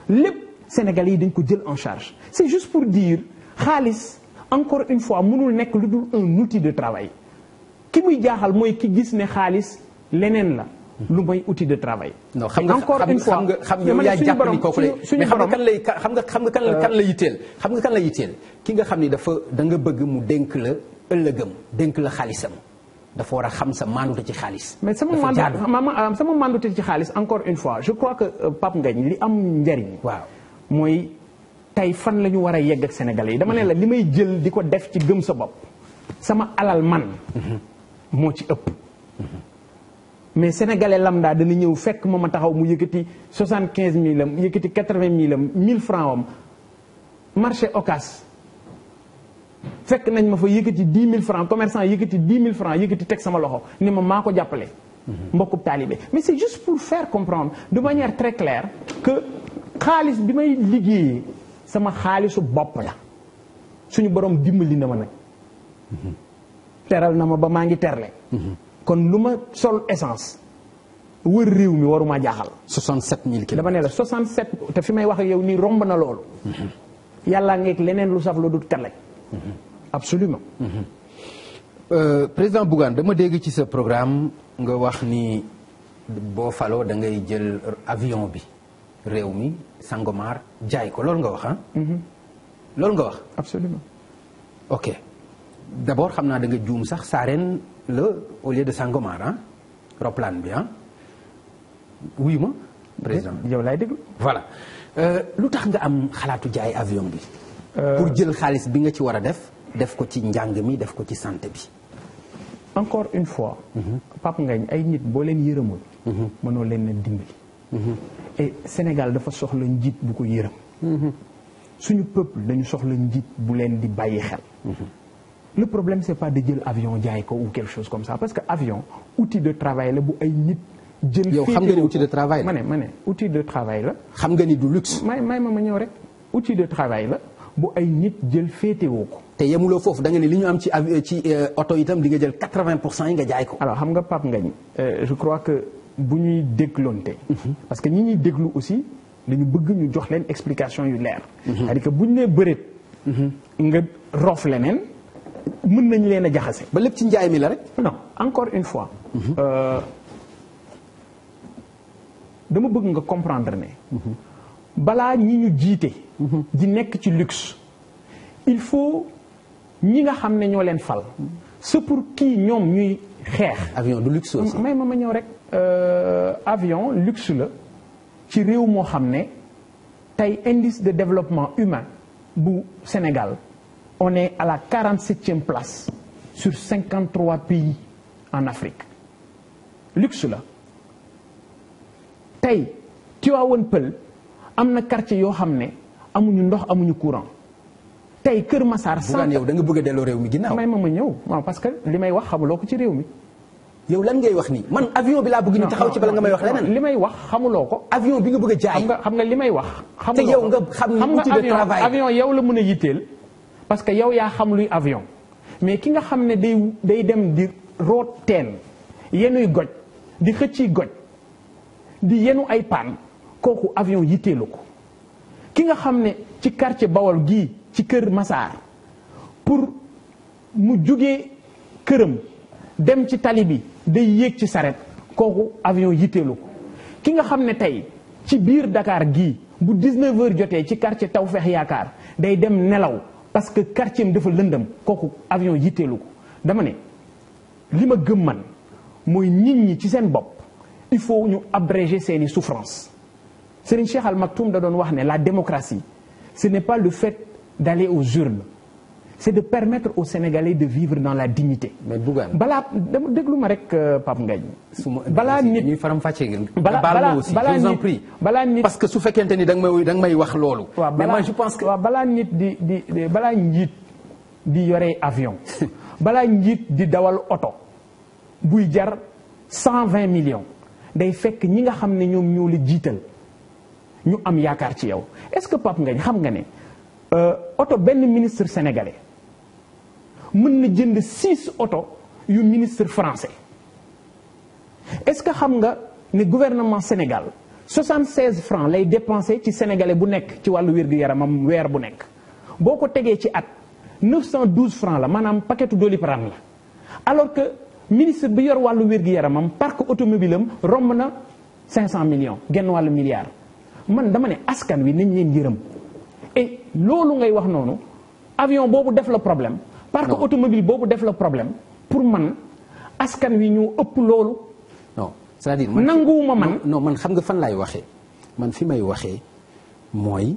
lépp sénégal yi dañ ko jël en charge c'est juste pour dire xaalis encore une fois mënul nekk lu dul un outil de travail ki muy jaaxal mooy ki gis ne xaalis leneen la lu mooy outil de travail. non xam nga xam nga xam nga yaa jàpp ni kooku lay mais xam nga lay xam nga xam nga kan la yitteel xam nga kan la yitteel ki nga xam ni dafa danga bëgg mu dénk la ëllëgam denk la xaalisam. dafa war a xam sa mandute ci xaalis. mais sama mandute euh, sama mandute ci xaalis encore une fois je crois que nga euh, Ngagne li am njariñ. waaw mooy tey fan la ñu war a yegg ak Sénégalais yi dama ne la li may jël di ko def ci gëm sa bopp sama alal man mhm. moo ci ëpp. Mhm. mais sénégalais lamdaa dana ñëw fekk ma ma taxaw mu yëkkati soixante quinze mille am yëkkati quatre vingt mille am mille franc am marché occas fekk nañ ma fa yëkkati dix mille franc commerçant yëkkati dix mille franc yëkkati teg sama loxo ni ma maa ko jàppale. Mhm. mbokkub taalibe mais c'est juste pour faire comprendre de manière très claire que xaalis bi may liggéeyee sama xaalisu bopp la suñu borom dimbali na ma nag. Mhm. teral na ma ba maa ngi terle. Mhm. kon lu ma sol essence wër réew mi waruma jaaxal. 67000 kilomètres dama ne la 67 te fi may wax ak yow nii romb na loolu. yàllaa ngeeg leneen lu saf lu dul tele. Euh, président Bougane dama dégg ci sa programme nga wax ni boo faloo da ngay jël avion bi réew mi Sangomar jaay ko loolu nga wax ah. Mhm. nga wax. absolument. ok d'abord xam naa da nga juum sax saareen. la au lieu de Sangomar roplaan bi am ah, wuyu ma président yow laay déglu euh, lu tax nga am xalaatu jaay avion bi euh. pour jël xaalis bi nga ci war a def def ko ci njàng mi def ko ci santé bi encore une fois mhm. Pape Ngagne ay nit boo leen yërëmul mhm. mënoo leen a dimbali mhm. et Sénégal dafa soxla njiit bu ko yërëm suñu peuple dañu soxla njiit bu leen di bàyyi xel le problème c'est pas de jël avion jaay ko ou quelque chose comme ça parce que avion outil de travail la bu ay nit. jël yow xam nga ni outil de travail la ma ne ma ne outil xam nga ni du luxe. may ma ma ñëw rek outil de travail la bu ay nit jël féetewoo ko. te yemuloo foofu da nga ne li ñu am ci ci euh, oto itam di nga jël 80 pour cent yi nga jaay ko. alors xam nga Pape Ngagne euh, je crois que bu ñuy dégloonte. Mhm. parce que ñi ñuy déglu aussi dañu bëgg ñu jox leen explication yu leer. Mhm. cest bu ñu nee mhm. nga roof leneen. mën nañ leen a jaxase. ba lépp ci njaay mi la rek. non encore une fois. Mhm. Euh, dama bëgg nga comprendre ne. Mhm. balaa ñi ñu jiite. Mhm. di nekk ci luxe. il faut ñi nga xam ne ñoo leen fal. c'est pour kii ñoom ñuy xeex. avion du luxe aussi. may ma ma ñëw rek. Euh, avion luxe la ci réew moo xam ne tey indice de développement humain bu Sénégal. on est à la 47e place sur 53 pays en Afrique luxe la tey Tivaouane Peulh am na quartier yoo xam ne amuñu ndox amuñu courant tey Kër Massar. sant yow da nga bëgg a delloo réew mi ginnaaw. may ma ma ñëw waaw parce que li may wax xamuloo ko ci réew mi. yow lan ngay wax nii man avion bi laa bëgg ni taxaw ci bala nga may wax leneen. li may wax xamuloo ko. avion bi nga bëgg a jaay. xam nga xam nga li may wax. xamuloo ko te nga xam ni outil de travail avion yow la mën a yitteel. parce que yow yaa xam luy avion mais ki nga xam ne day day dem di root teen yenuy goj di xëcci goj di yenu ay paan kooku avion yitteelu ko ki nga xam ne ci quartier Bawol gi ci kër Masaar pour mu jugee këram dem ci tali bi day yéeg ci saret kooku avion yitteelu ko ki nga xam ne tey ci biir dakaar gi bu 19 heures jotee ci quartier Tawfeex Yaakaar day dem nelaw parce que quartier am dafa lëndam kooku avion yitteelu ko dama ne li ma gëm man mooy nit ñi ci seen bopp il faut ñu abréger seeni souffrance Serigne Cheikh Al tuum da doon wax ne la démocratie ce n'est pas le fait d'aller aux urnes c'est de permettre aux Sénégalais de vivre dans la dignité. mais Bougane balaa dama déglu ma rek euh, Pape nga su ma balaa nit faram fàccee ngeen. balaa balaa balaa nit balaa nit parce que su fekkente ni da nga may da wax loolu. waaw balaa mais moi je pense que. waaw balaa nit di di balaa njiit di yore avion [LAUGHS] balaa njiit di dawal oto buy jar cent vingt millions day fekk ñi nga xam ne ñoom ñoo li jiital ñu am yaakaar ci yow est-ce que Pape Ngagne xam nga ne euh, oto benn ministre sénégalais. mën na jënd six oto yu ministre français est-ce que xam nga ne gouvernement Sénégal 76 francs lay dépensé ci sénégalais bu nekk ci wàllu wér-gu-yaramam weer bu nekk boo ko tegee ci at 912 francs la maanaam paquetu Doliprane la alors que ministre bi yor wàllu wér-gu-yaramam parc automobile am romb na 500 millions genn wàllu milliard man dama ne askan wi nañ leen yërëm loolu ngay wax noonu avion boobu def la problème parce que automobile boobu def la problème pour man askan wi ñu ëpp loolu. non c'est-à-dire man nanguwuma man. non man xam nga fan laay waxee man fi may waxee mooy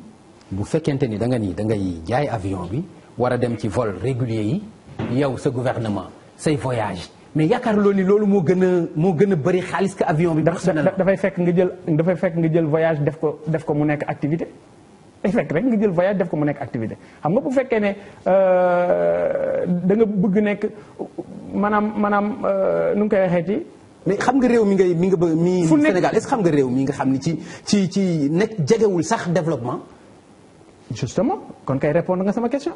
bu fekkente ni da nga ni da ngay jaay avion bi war a dem ci vol régulier yi yow sa gouvernement say voyage mais yaakaar loolu ni loolu moo gën a moo gën a bëri xaalis que avion bi. dafay fekk nga jël dafay fekk nga jël voyage def ko def ko mu nekk activité. day fekk rek nga jël voyage def ko mu nekk activité xam nga bu fekkee ne euh, da nga bëgg nekk maanaam maanaam euh, nu ngi koy waxeeti mais xam nga réew mi ngay mi nga ba mi Sénégal est-ce que xam nga réew mi nga xam ni ci ci ci nekk jegewul sax développement justement kon kay répondre nga sama question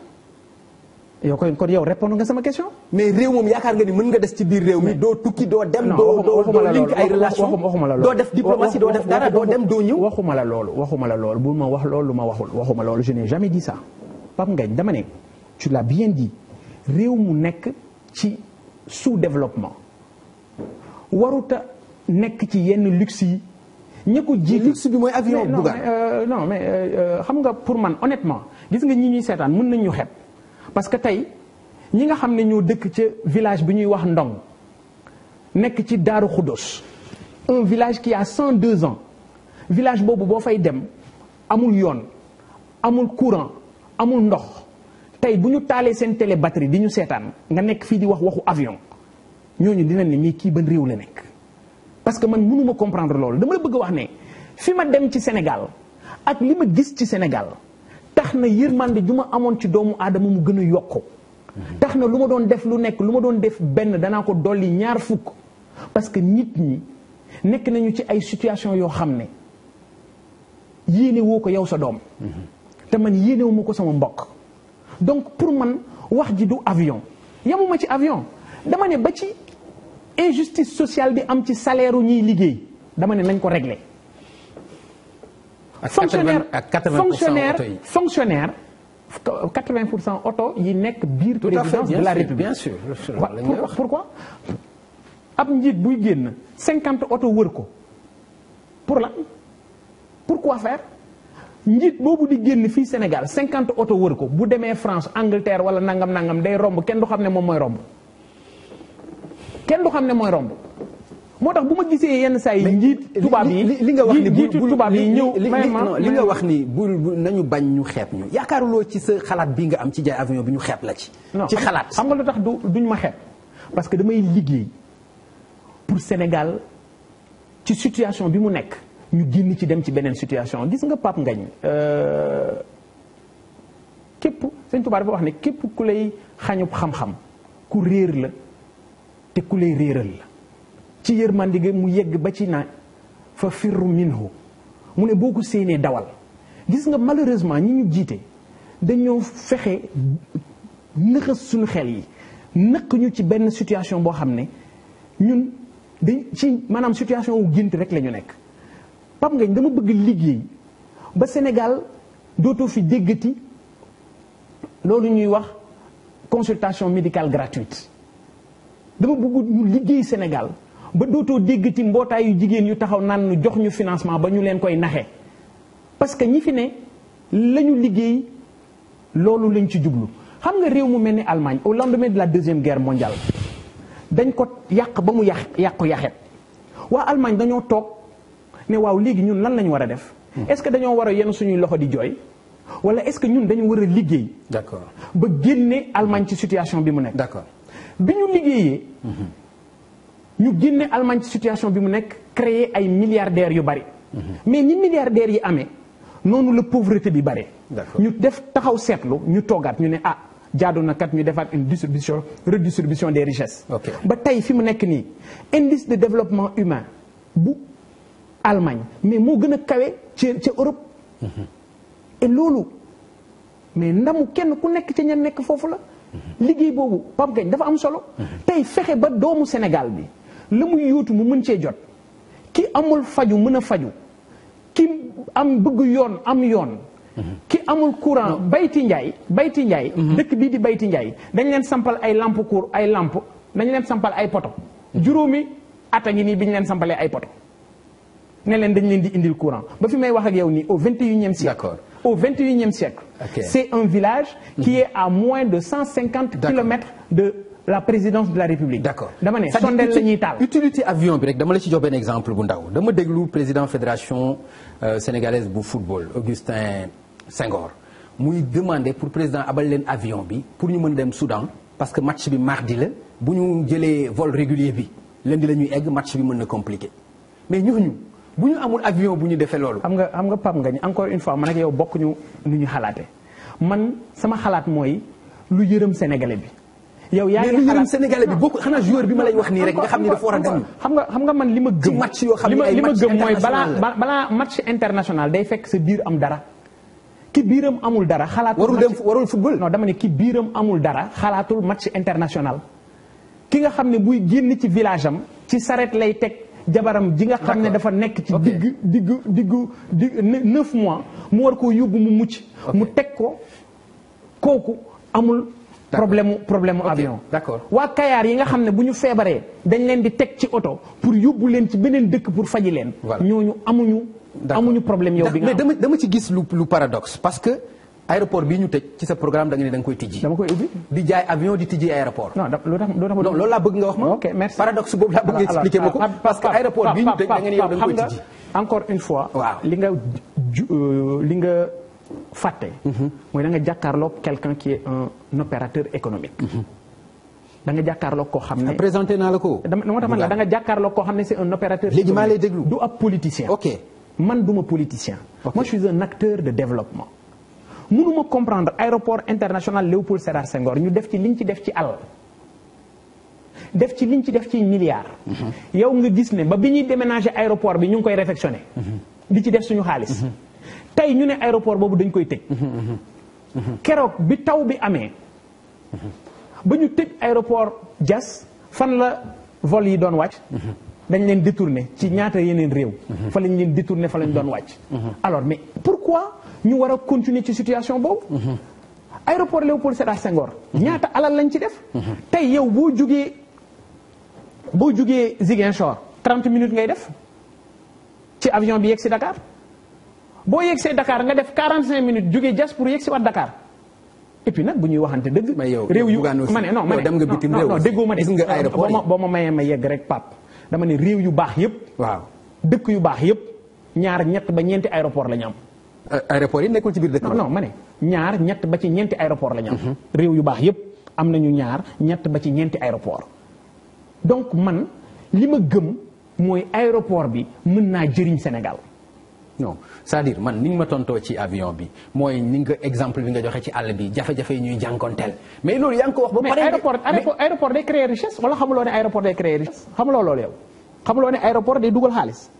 yow koy kon yow répondre nga sama question. mais réew moom yaakaar nga ni mën nga des ci biir réew mi doo tukki doo dem. doo doo link ay relation waxuma la loolu doo def diplomatie doo def dara doo dem doo ñëw. waxuma la loolu waxuma la loolu bu ma wax loolu lu ma waxul waxuma loolu je n'ai jamais dit ça Pape Ngagne dama ne tu l'as bien dit réew mu nekk ci sous-développement waruta nekk ci yenn luxe yi. ñi ko jiitu luxe bi mooy avion. bugaan euh, non mais mais euh, euh, xam nga pour man honnêtement gis nga ñi ñuy seetaan mën nañu ñu parce que tey ñi nga xam ne ñoo dëkk ca village bi ñuy wax Ndong nekk ci Daaru Xudos un village qui a deux ans village boobu boo fay dem amul yoon amul courant amul ndox tey bu ñu taalee seen télé batterie di ñu seetaan nga nekk fii di wax waxu avion ñooñu dinañ ne ñii kii ban réew la nekk. parce que man mënuma comprendre loolu dama la bëgg wax ne fi ma dem ci Sénégal ak li ma gis ci Sénégal. tax na yërmande ju ma amoon ci doomu aadama mu gën a yokku tax na lu ma doon def lu nekk lu ma doon def benn danaa ko dolli ñaar fukk parce que nit ñi nekk nañu ci ay situation yoo xam ne yéene woo ko yow sa doom te man yéene ko sama mbokk donc pour man wax ji du avion yemuma ci avion dama ne ba ci injustice sociale bi am ci salaire ñuy liggéey dama ne nañ ko régler fonctionnaire ak fonctionnaire fonctionnaire quatre vingt pour cent oto yi nekk biir présidence de la république bien sûr pourquoi ab njiit buy génn cinquante oto wër ko pour la pourquoi faire njiit boobu di génn fii Sénégal cinquante oto wër ko bu demee France Angleterre wala nangam nangam day romb kenn du xam ne moom mooy romb kenn du xam ne mooy romb moo tax bu ma gisee yenn saa yi njiit tubaab yi li nga wax ni njiitu yi ñëw li nga wax ni bu nañu bañ ñu xeeb ñu yaakaaruloo ci sa xalaat bi nga am ci jaay avion bi ñu xeeb la ci ci xalaat xam nga lu tax duñ ma xeeb parce que damay liggéey pour Sénégal ci situation bi mu nekk ñu génn ci dem ci beneen situation gis nga Pape Ngagne euh, képp sëñ Tuubaa dafa wax ne képp ku lay xañub xam-xam ku réer la te ku lay réeral la ci yërmande gi mu yegg ba ci na fa firru minhu mu ne boo ko séenee dawal gis nga malheureusement ñi ñu jiite dañoo fexe nëxas suñu xel yi nëkk ñu ci benn situation boo xam ne ñun dañ ci maanaam situation wu gént rek la ñu nekk pam ngañ dama bëgg liggéey ba Sénégal dootoo fi déggati loolu ñuy wax consultation médicale gratuite dama bëgg ñu liggéey Sénégal ba dootoo dégg ci mbootaayu jigéen yu taxaw naan nu jox ñu financement ba ñu leen koy naxee parce que ñi fi ne lañu liggéey loolu lañ ci jublu xam nga réew mu mel ni Allemagne au lendemain de la deuxième guerre mondiale dañ ko yàq ba mu yàq yàqu yaxet waa Allemagne dañoo toog ne waaw léegi ñun lan lañu war a def hmm. est-ce que dañoo war a yenn suñuy loxo di jooy wala est-ce que ñun dañu war a liggéey d'accord ba génne Allemagne ci situation bi mu nekk d'accord bi ñu liggéeyee hmm. ñu génne Allemagne ci situation bi mu nekk créer ay milliardaires yu bari. mais ñi milliardaires yi amee noonu la pauvreté bi bare. ñu def taxaw seetlu ñu toggaat ñu ne ah jaadu na kat ñu defaat une distribution redistribution des richesses. ba tey fi mu nekk nii indice de développement humain bu Allemagne mais moo gën a kawe ci ca Europe. Mhm. loolu mais ndamu kenn ku nekk ci ña nekk foofu la. Mhm. liggéey boobu Pape Ngagne dafa am solo. Mhm. tey fexe ba doomu Sénégal bi. la muy yóotu mu mën cee jot ki amul faju mën a faju ki am bëgg yoon am yoon mhm. ki amul courant bayti njaay bayti njaay mhm. dëkk bii di bayti njaay dañ leen sampal ay lamp cour ay lamp dañ leen sampal ay poto mhm. juróomi at a ngi bi ñu leen sampalee ay poto ne leen dañ leen di indil courant ba fi may wax ak yow nii au vingt et unième siècle d'accord au vingt et unième siècle okay. c'est un village qui est à moins de cent cinquante kilomètres de la présidence de la république. dama ne sondeel la ñuy utilité avion bi rek dama la ci jox benn exemple bu ndaw dama déglu président fédération euh, sénégalaise bu football Augustin Senghor muy demander pour président abal leen avion bi pour ñu mën dem Soudan parce que match bi mardi la bu ñu jëlee vole régulier bi lundi la ñuy egg match bi mën na compliqué mais ñu bu ñu amul avion bu ñu defee loolu. xam nga xam nga Pape Ngagne encore une fois man ak yow bokk ñu nu ñu xalaatee man sama xalaat mooy lu yërëm sénégalais bi. yow yaa ngi xalaat bokk xanaa bi ma lay wax nii rek nga xam ni dafa a xam nga xam nga man li ma gëm match yoo xam ne ay match international li ma gëm international day fekk sa biir am dara. ki biiram amul dara xalaatul. warul dem warul football. non dama ne ki biiram amul dara xalaatul match international. ki nga xam ne buy génn ci village am ci saret lay teg jabaram ji nga xam ne dafa nekk ci digg digg diggu digg neuf mois mu war koo yóbbu mu mucc. mu teg ko kooku amul. problème problème avion. waa Kayaar yi nga xam ne bu ñu feebaree dañ leen di teg ci oto pour yóbbu leen ci beneen dëkk pour faji leen. ñooñu amuñu. problème yow bi nga mais dama dama ci gis lu lu parce que. aéroport bii ñu tëj ci sa programme da koy tijji. dama koy ubbi di tijji aéroport. non loolu laa bëgg nga wax ma. ok boobu laa bëgg nga expliquer ma ko. parce que aéroport bii ñu tëj da koy tijji. encore une fois. li nga euh, li nga. fàtte. mooy da nga jàkkaarloo quelqu'un qui est un opérateur économique. da nga jàkkaarloo koo xam ne. Ah, présenté naa la ko. dama dama tax da nga koo xam ne c'est un opérateur. léegi maa lay déglu du ab politicien. man du ma politicien. ok moi je suis un acteur de développement. mënuma comprendre aéroport international Léopold Sédar Senghor ñu def ci liñ ci def ci alal def ci liñ ci def ci milliards. Mhm. yow nga gis ne ba bi ñuy déménager aéroport bi ñu ngi koy réfectionner. li mhm. ci def suñu xaalis. Mhm. tey ñu ne aéroport boobu dañ koy tëj. Mhm, mhm, mhm, keroog bi taw bi amee. ba ñu tëj aéroport Diass fan la vol yi doon wàcc. dañ leen détourné ci ñaata yeneen réew. fa lañ leen détourné fa lañ doon wàcc. alors mais pourquoi ñu war a continuer ci situation boobu. aéroport Léopold Sédar Senghor. ñaata alal lañ ci def. tey yow boo jugee boo jugee Ziguinchor 30 minutes ngay def ci avion bi yegg si Dakar. boo yegsee dakaar nga def 45 minutes jógee jas pour yegsi waat Dakar et nag bu ñuy waxante dëgg. mais yow réew yu ma ne non ma ne dem nga bitim réew. non déggoo ma de gis nga euh, aéroport yi boo ma ma yegg rek pap dama ne réew yu baax yëpp. waaw dëkk yu yëpp ñaar ñett ba ñeenti aéroport la ñu am. Euh, aéroport yi nekkul ci biir dëkk non non ma ne ñaar ñett ba ci ñeenti aéroport la ñu am. Mhm. réew yu baax yëpp am na ñu ñaar ñett ba ci ñeenti aéroport donc man li ma gëm mooy aéroport bi mën naa jëriñ Sénégal non c'est-à-dire man ni nga ma tontoo ci avion bi mooy ni nga exemple bi nga joxe ci àll bi jafe-jafe yi ñuy jànkonteel mais loolu yaa ngi ko wax. ba pare mais aéroport aéroport day créer richesse wala xamuloo ne aéroport day créer richesse xamuloo loolu yow xamuloo ne aéroport day dugal xaalis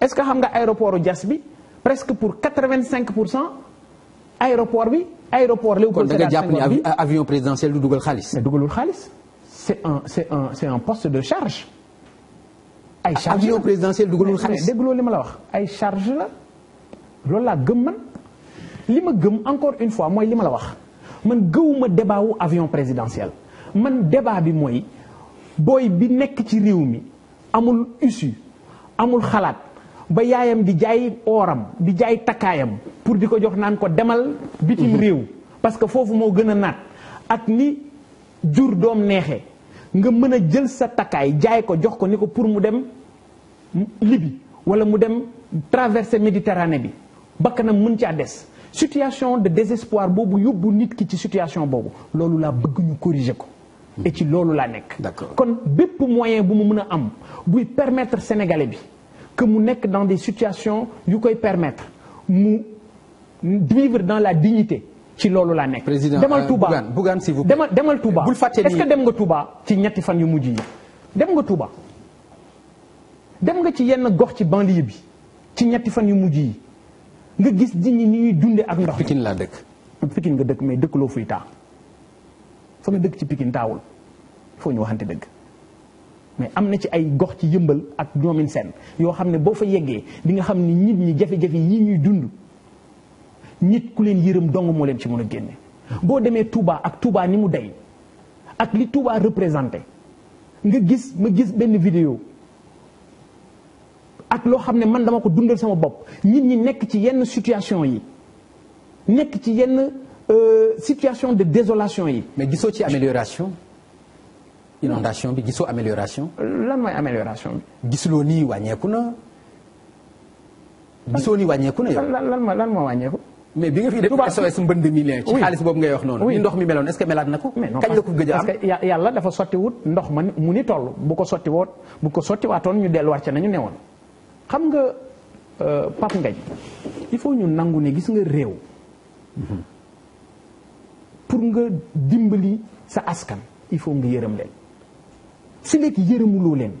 est-ce que xam nga aéroport jas bi presque pour 85 pour cent aéroport bi aéroport. Léopold Sédar Senghor kon da jàpp ni avion présidentiel du dugal xaalis. mais dugalul xaalis c'est un c'est un c'est un de charge. ay charge avion présidentiel dugalul xaalis dégg loolu li ma la wax ay charge la loolu laa gëm man li ma gëm encore une fois mooy li ma la wax man gëwuma débat wu avion présidentiel man débat bi mooy booy bi nekk ci réew mi amul issue amul xalaat ba yaayam di jaay ooram di jaay takkaayam pour di ko jox naan ko demal bitim mhm. réew parce que foofu moo gën a naat ak ni jur doom neexee nga mën a jël sa takkaay jaay ko jox ko ni ko pour mu dem Libi wala mu dem traverser Méditerranée bi bakkanam mën caa des situation de désespoir boobu yóbbu nit ki ci situation boobu loolu laa bëgg ñu corriger ko et ci loolu laa nekk kon bépp moyen bu mu mën a am buy permettre sénégalais bi que mu nekk dans des situations yu koy permettre mu vivre dans la dignité ci loolu laa nekk. président demal euh, Touba Bougane s'il vous plaît demal demal Touba. bul fàtte ni est-ce que dem nga Touba ci ñetti fan yu mujj yi dem nga Touba. dem nga ci yenn gox ci banlieue bi ci ñetti fan yu mujj yi nga gis nit ñi ni ñuy dundee ak ndox. Pikine laa dëkk. Pikine nga dëkk mais dëkk loo fuy taa fa nga dëkk ci Pikine taawul foo ñu waxante dëgg. mais am na ci ay gox ci yëmbal ak ñoomin seen yoo xam ne boo fa yeggee di nga xam ni nit ñi jafe-jafe yii ñuy dund. nit ku leen yërëm dong moo leen ci mën a génne boo demee Touba ak Touba ni mu day ak li Touba représente nga gis ma gis benn vidéo ak loo xam ne man dama ko dundal sama bopp nit ñi nekk ci yenn situation yi nekk ci yenn euh, situation de désolation yi. mais gisoo ci amélioration. inondation bi gisoo amélioration. lan mooy amélioration bi. gisuloo nii wàññeeku na. gisoo nii wàññeeku na yow. lan lan lan moo wàññeeku. mais bi nga fi def SOS mbënd mi ne ci xaalis boobu ngay wax noonu ni ndox mi meloon est-ce que melaat na ko kañ la ko a yàlla dafa sotti wut ndox man mu ni toll bu ko sotti woot ko sotti waatoon ñu delluwaat ca nañu newoon xam nga euh, Pape Ngagne il faut ñu nangu gis nga réew mhm. nga dimbali sa askan il faut nga yërëm leen si léegi leen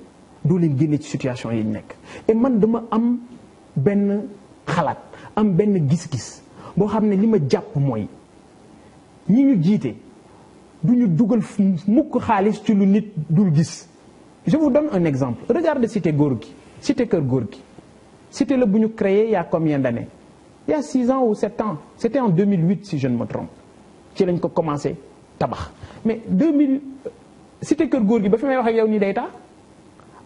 doo leen génne ci situation yi ñu nekk man dama am benn xalaat am benn gis-gis boo xam ne li ma jàpp mooy ñi ñu jiite du ñu dugal mukk xaalis ci lu nit dul gis je vous donne un exemple regarde cité góor gi cité kër góor gi cité la bu ñu créé il y a combien d'années il y a six ans ou sept ans c'était en 2008 si je ne me trompe ci lañ ko commencé tabax mais 2000 cité kër góor gi ba fi may waxee ak yow nii day taa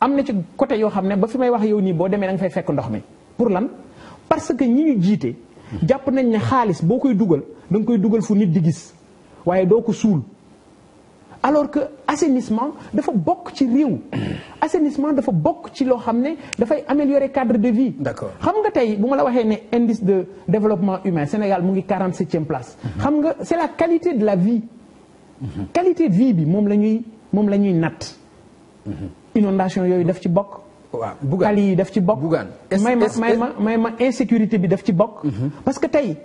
am na ci côté yoo xam ne ba fi may wax yow nii boo demee da fay fekk ndox mi pour lan parce que ñi ñu jiite jàpp nañ ne xaalis boo koy dugal da koy dugal fu nit di gis waaye doo ko suul alors que assainissement dafa bokk ci réew [COUGHS] assainissement dafa bokk ci loo xam ne dafay améliorer cadre de vie. d'accord xam nga tey bu ma la waxee ne indice de développement humain Sénégal mu ngi 47e place. Mm-hmm. xam nga c'est la qualité de la vie. Mm-hmm. qualité de vie bi moom lañuy moom la ñuy natt. Mm-hmm. inondation yooyu daf ci bokk. waaw bugaan tali yi daf ci bokk. bugaan may ma may ma may ma insécurité bi daf ci bokk. Mhm. parce que tey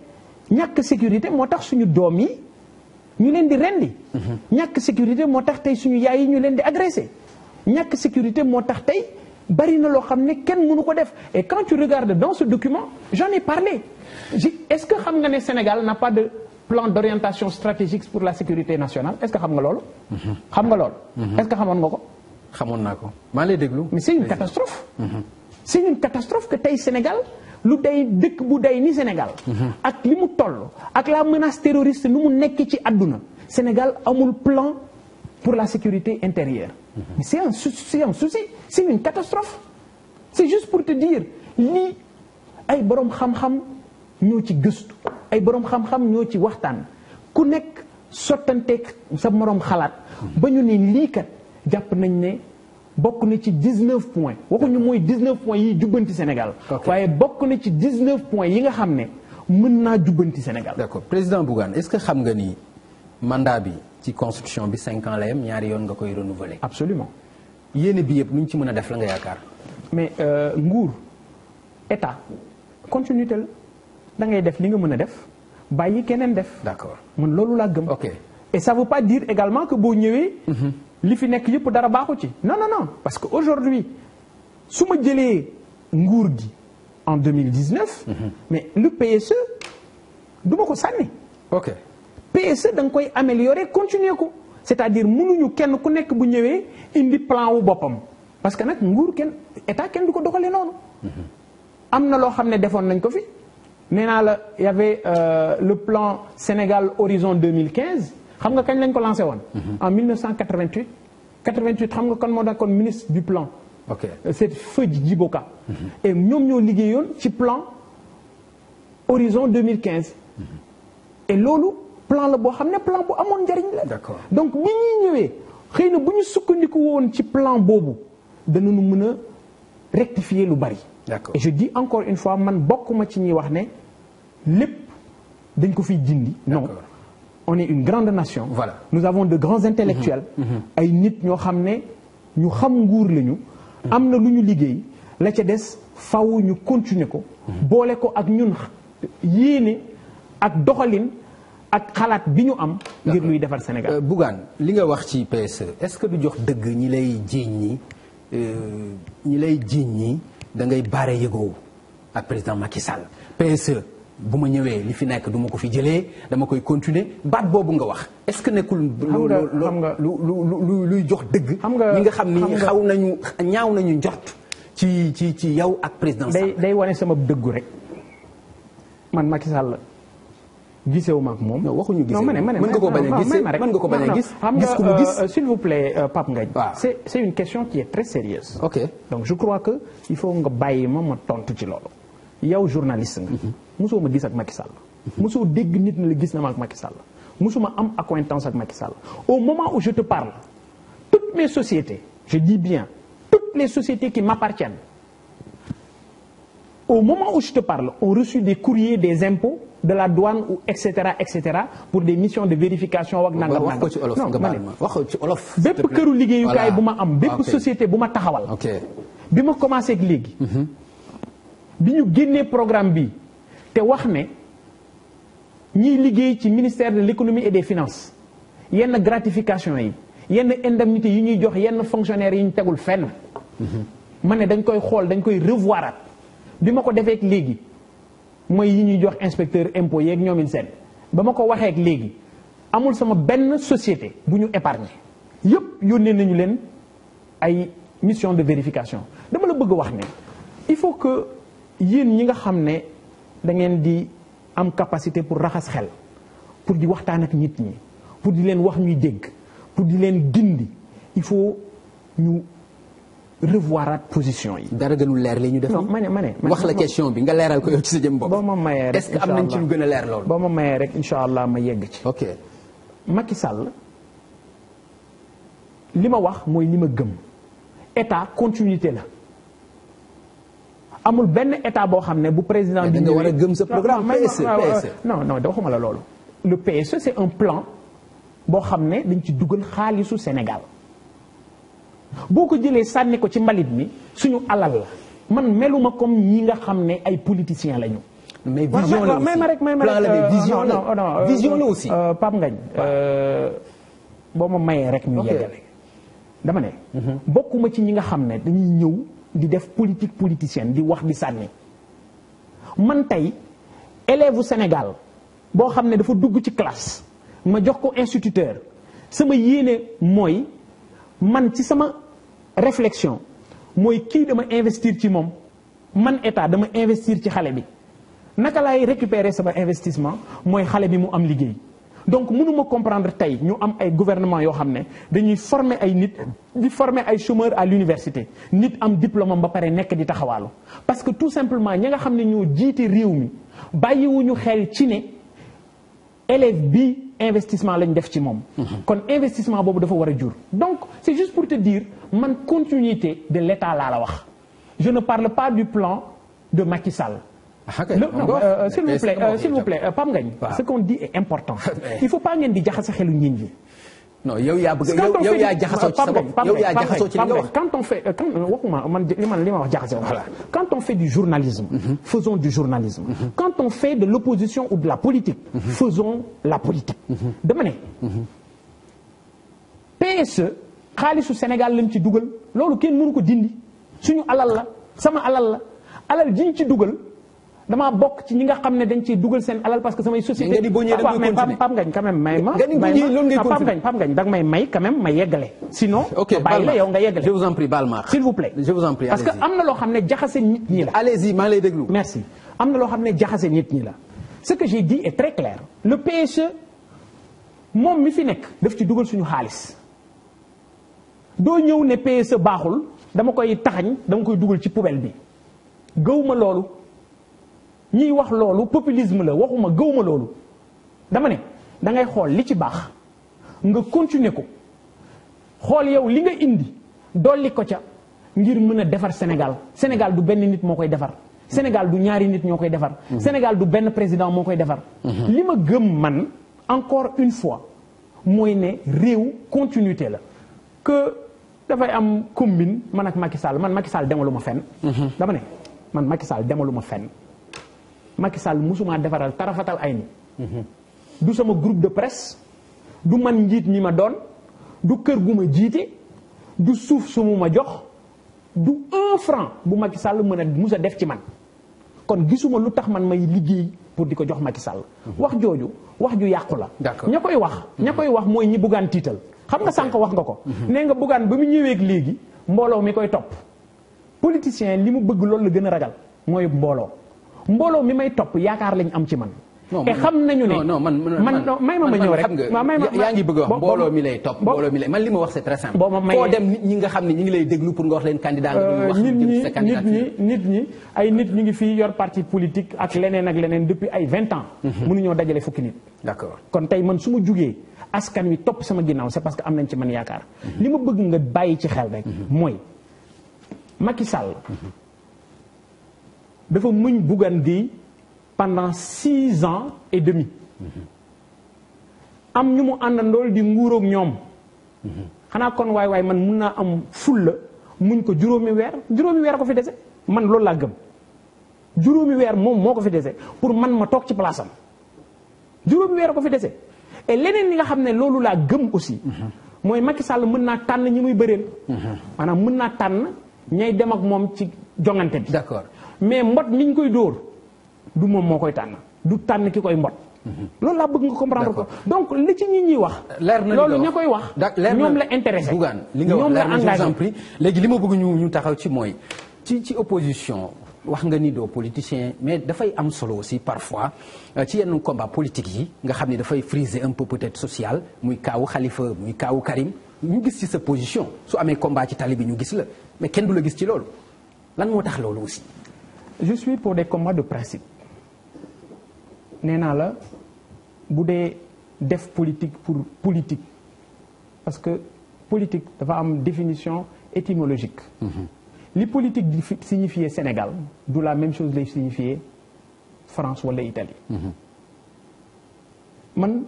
ñàkk sécurité moo tax suñu doom yi ñu leen di rend mhm. ñàkk sécurité moo tax tey suñu yaay yi ñu leen di agressé. ñàkk sécurité moo tax tey bari na loo xam ne kenn mënu ko def et quand tu regardes dans ce document j'en ai parlé est-ce que xam nga ne Sénégal n'a pas de plan d'orientation stratégique pour la sécurité nationale est-ce que xam nga loolu. Mhm. xam nga loolu. est-ce que xamoon nga ko. xamoon naa ko maa lay déglu. mais c'est une catastrophe. Mm-hmm. c'est une catastrophe que tey Sénégal lu day dëkk bu day ni Sénégal. Mm-hmm. ak li mu toll ak la menace terroriste nu mu nekk ci àdduna Sénégal amul plan pour la sécurité intérieure. Mm-hmm. mais c'est un c'est un souci c'est une catastrophe. c'est juste pour te dire lii ay boroom xam-xam ñoo ci gëstu ay boroom xam-xam ñoo ci waxtaan ku nekk sottanteeg sa moroom xalaat ba ñu ne lii kat. jàpp nañ ne bokk na ci 19 points waxuñu mooy 19 point yi jubbanti Sénégal. waaye bokk na ci 19 points yi nga xam ne mën naa jubbanti Sénégal. d'accord président Bougane est-ce que xam nga ni mandat bi ci constitution bi 5 ans la yem ñaari yoon nga koy renouveler. absolument yéene bi yëpp lu ñu ci mën a def la nga yaakaar. mais euh, nguur état continuité la da ngay def li nga mën a def bàyyi keneen def. d'accord man loolu laa gëm. ok sa ça veut pas dire boo ñëwee. Mm-hmm. li fi nekk yëpp dara baaxu ci non non non parce que aujourd'hui su ma jëlee nguur gi en 2019 mhm. mais le PSE du ma ko sànni ok PSE danga koy améliorer continuer ko c'est-à-dire mënuñu kenn ku nekk bu ñëwee indi plan wu boppam parce que nag nguur kenn état kenn du ko doxalee noonu mhm. am na loo xam ne defoon nañ ko fi nee naa la y avait euh, le plan Sénégal horizon 2015 xam nga kañ lañ ko lancé woon. Mhm. en 1988. 88 xam nga kon moo daan kon ministre du plan. ok c'est feu Djibo Ka. Mhm. et ñoom ñoo yoon ci plan horizon 2015. Mhm. et loolu plan la boo xam ne plan bu amoon njariñ la. d'accord donc bi ñuy ñëwee xëy na bu ñu sukkandiku woon ci plan boobu danañu mën a rectifier lu bari. d'accord et je dis encore une fois man bokkuma ci ñuy wax ne lépp dañ ko fi dindi. non. on est une grande nation. voilà nous avons de grands intellectuels. Mm-hmm. Mm-hmm. ay nit ñoo xam ne ñu xam nguur lañu. Mm-hmm. am na lu ñu liggéey la ca des faw ñu continuer ko. boole ko ak ñun yéene ak doxalin ak xalaat bi ñu am. ngir luy defar Sénégal. Euh, Bougane li nga wax ci PSE est-ce que du jox dëgg ñi lay jiiñ ñi euh, ñi lay jiiñ ñi da ngay baare yëgoo ak président Macky bu ma ñëwee li fi nekk duma ko fi jëlee dama koy continuer baat boobu nga wax est-ce que nekkul. xam nga lu lu luy jox dëgg. ñi nga xam ni xaw nañu ñaaw nañu njort. ci ci ci yow ak président day day wane sama dëggu rek man Macky Sall gisewu ma ak moom. non waxuñu gisee mën nga ko bañ a gis nga ko bañ a gis. gis ku mu euh, gis s'il vous plaît euh, Pape Ngagne. waaw c'est c'est une question qui est très sérieuse. donc je crois que il faut nga bàyyi ma ma tontu ci loolu yow journaliste nga. Mm-hmm. mosoo ma gis ak Macky Sall mosoo dégg nit na la gis na ma ak Macky Sall mosuma am acquaintance ak Macky Sall au moment où je te parle toutes mes sociétés je dis bien toutes les sociétés qui m'appartiennent au moment où je te parle ont reçu des courriers des impôts de la douane ou et cetera et cetera pour des missions de vérification wak nangam nangam non ma ne wax ko ci olof bépp këru liggéeyukaay bu ma am bépp ah, société bu ma taxawal bi ma commencé ak léegi mhm. bi ñu génnee programme bi te wax ne ñiy liggéey ci ministère de l'économie et des finances yenn gratification yi yenn indemnité yi ñuy jox yenn fonctionnaires yi ñu tegul fenn mm-hmm. ma ne dañ koy xool dañ koy revoirat bi ma ko defeek léegi mooy yi ñuy jox inspecteur impôt yeeg ñoomin seen ba ma ko waxeek léegi amul sama benn société bu ñu épargné yépp yónnee nañu leen ay mission de vérification dama la bëgg wax ne il faut que yéen ñi nga xam ne da ngeen di am capacité pour raxas xel pour di waxtaan ak nit ñi pour di leen wax ñuy dégg pour di leen gindi il faut ñu revoirat position yi. dara gënul leer li ñu def. ma ne ma ne wax la question bi nga leeral ko yow sa jëm bopp. ma mayee rek nañ ci lu a leer loolu. boo ma mayee rek incha ma yegg ci. ok Macky Sall li ma wax mooy li ma gëm état continuité la. amul benn état boo xam ne bu président. bi nga war a gëm sa programme PSE euh, non non waxuma la loolu. le PSE c'est un plan boo xam ne dañ ci dugal xaalisu Sénégal boo ko jëlee sànni ko ci mbalit mi suñu alal la man meluma comme ñi nga xam ne ay politiciens lañu. mais vision la euh, aussi ma rek may ma rek vision la vision la aussi. Pape Ngagne euh, boo ma mayee rek. ñu yeggale dama ne. Mhm. bokkuma ci ñi nga xam ne dañuy ñëw. di def politique politicienne di wax di sànni man tey élève u Sénégal boo xam ne dafa dugg ci classe ma jox ko instituteur sama yéene mooy man ci sama réflexion mooy kii dama investir ci moom man état dama investir ci xale bi naka laay récupérer sama investissement mooy xale bi mu am liggéey donc mënuma comprendre tey ñu am ay gouvernement yoo xam ne dañuy former ay nit di former ay chômeurs à l'université nit am diplôme am ba pare nekk di taxawaalu parce que tout simplement ñi nga xam ne ñoo jiite réew mi bàyyiwuñu xel ci ne élève bi investissement lañ def ci moom mhm. kon investissement boobu dafa war a jur donc c'est juste pour te dire man continuité de l'état laa la wax jeune ne parle pas du plan de Macky Ah, non euh, euh, s'il vous plaît euh, s'il vous plaît Pape Ngagne ce qu'on dit est important [LAUGHS] il faut pas ngeen di jaxase xelu nit ñi non yow yaa bëgg yow yaa jaxasoo ci sa bopp yow yaa jaxasoo ci li nga wax quand on fait quand waxuma man li ma li ma wax jaxase voilà quand on fait du journalisme mhm. faisons du journalisme mhm. quand on fait de l'opposition ou de la politique mhm. faisons la politique dama ne PSE xaalisu Sénégal lañ ci dugal loolu kenn mënu ko dindi suñu alal la sama alal la alal jiñ ci dugal damaa bokk ci ñi nga xam ne dañ ciy dugal seen alal parce que samay société waaw mais Pape Ngagne quand même may ma Pape Ngagne Pape Ngagne da may may quand ma yeggale sinon ma bàyyi la yow nga yeggale je vous parce que am na loo xam ne jaxase nit ñi la ne jaxase nit la ce que j'ai dit est très clair le PSE moom mi fi nekk daf ci dugal suñu xaalis doo ñëw ne PSE baaxul dama koy taxañ dama koy dugal ci poubelle bi gëwma loolu ñiy wax loolu populisme la waxuma gëwma loolu dama ne da ngay xool li ci baax nga continuer ko xool yow li nga indi dolli ko ca ngir mën a defar Sénégal Sénégal du benn nit moo koy defar Sénégal du ñaari nit ñoo koy defar mmh. Sénégal du benn président moo koy defar mmh. li ma gëm man encore une fois mooy ne réew continuité la que dafay am combine man ak Macky Sall man Macky Sall demalu ma fenn mmh. dama ne man Macky Sall demalu ma Macky Sall mosumaa defaral tarafatal ay ni du sama groupe de presse du man njiit mi ma doon du kër gu ma jiite du suuf su ma jox du un franc bu Macky sàll mën a musa def ci man kon gisuma lu tax man may liggéey pour di ko jox Macky Sall mhm. wax jooju wax ju yàqu la ña koy wax ña mhm. koy wax mooy ñi buggaan tiital xam nga sànq wax nga ko mhm. nee nga buggaan ba mu ñëweeg léegi mbooloo mi koy topp politicien li mu bëgg loolu la gën a ragal mooy mbooloo mbooloo mi may topp yaakaar lañ am ci man. te xam nañu ne non man man may ma ma ñëw rek. waaw may ma yaa ngi bëgg a wax mbooloo mi lay topp. mbooloo mi lay man li ma wax c'est très simple. boo ma mayee foo dem nit ñi nga xam ne ñi ngi lay déglu pour nga wax leen candidat nga wax euh, ñu sa candidat nit ñi nit ñi ay nit ñu ngi fii yor parti politique ak leneen ak leneen depuis ay vingt ans. Mhm. mënuñoo dajale fukki nit. d'accord kon tey man su ma jugee askan wi topp sama ginnaaw c'est parce que am nañ ci man yaakaar. Mhm. li ma bëgg nga bàyyi ci xel rek. Mhm. mooy Macky Sall. dafa muñ Bougane Gueye pendant six ans et demi am ñu mu àndandool di nguuroog ñoom xanaa kon waay waaye man mun naa am la muñ ko juróomi weer juróomi weer ko fi dese man loolu laa gëm juróomi weer moom moo ko fi dese pour man ma toog ci place am juróomi weer ko fi dese ay leneen li nga xam ne loolu laa gëm aussi mooy Macky Sall mën naa tànn ñi muy bëreel mmh. maanaam mën naa tànn ñay dem ak moom ci jongante bi d'accord mais mbot mi ñu koy dóor du moom moo koy tànn du tànn ki koy mbot. Mhm. loolu laa bëgg nga comprendre ko donc li ci nit ñi wax. leer na loolu ña koy wax. ñoom la intéressé Bougane li nga wax leer na exemple léegi li ma bëgg ñu ñu taxaw ci mooy ci ci opposition. wax nga ni doo politicien mais dafay am solo aussi parfois euh, ci yenn combat politique yi nga xam ne dafay friser un peu peut social muy kaawu xalifa muy kaawu Karim ñu gis ci sa position su amee combat ci tali bi ñu gis la mais kenn du la gis ci loolu lan moo tax loolu aussi. je suis pour des combats de principe nee naa la bu dee def politique pour politique parce que politique dafa am définition étymologique mhm. li politique di signifier Sénégal du la même chose lay signifier France wala Italie mhm. man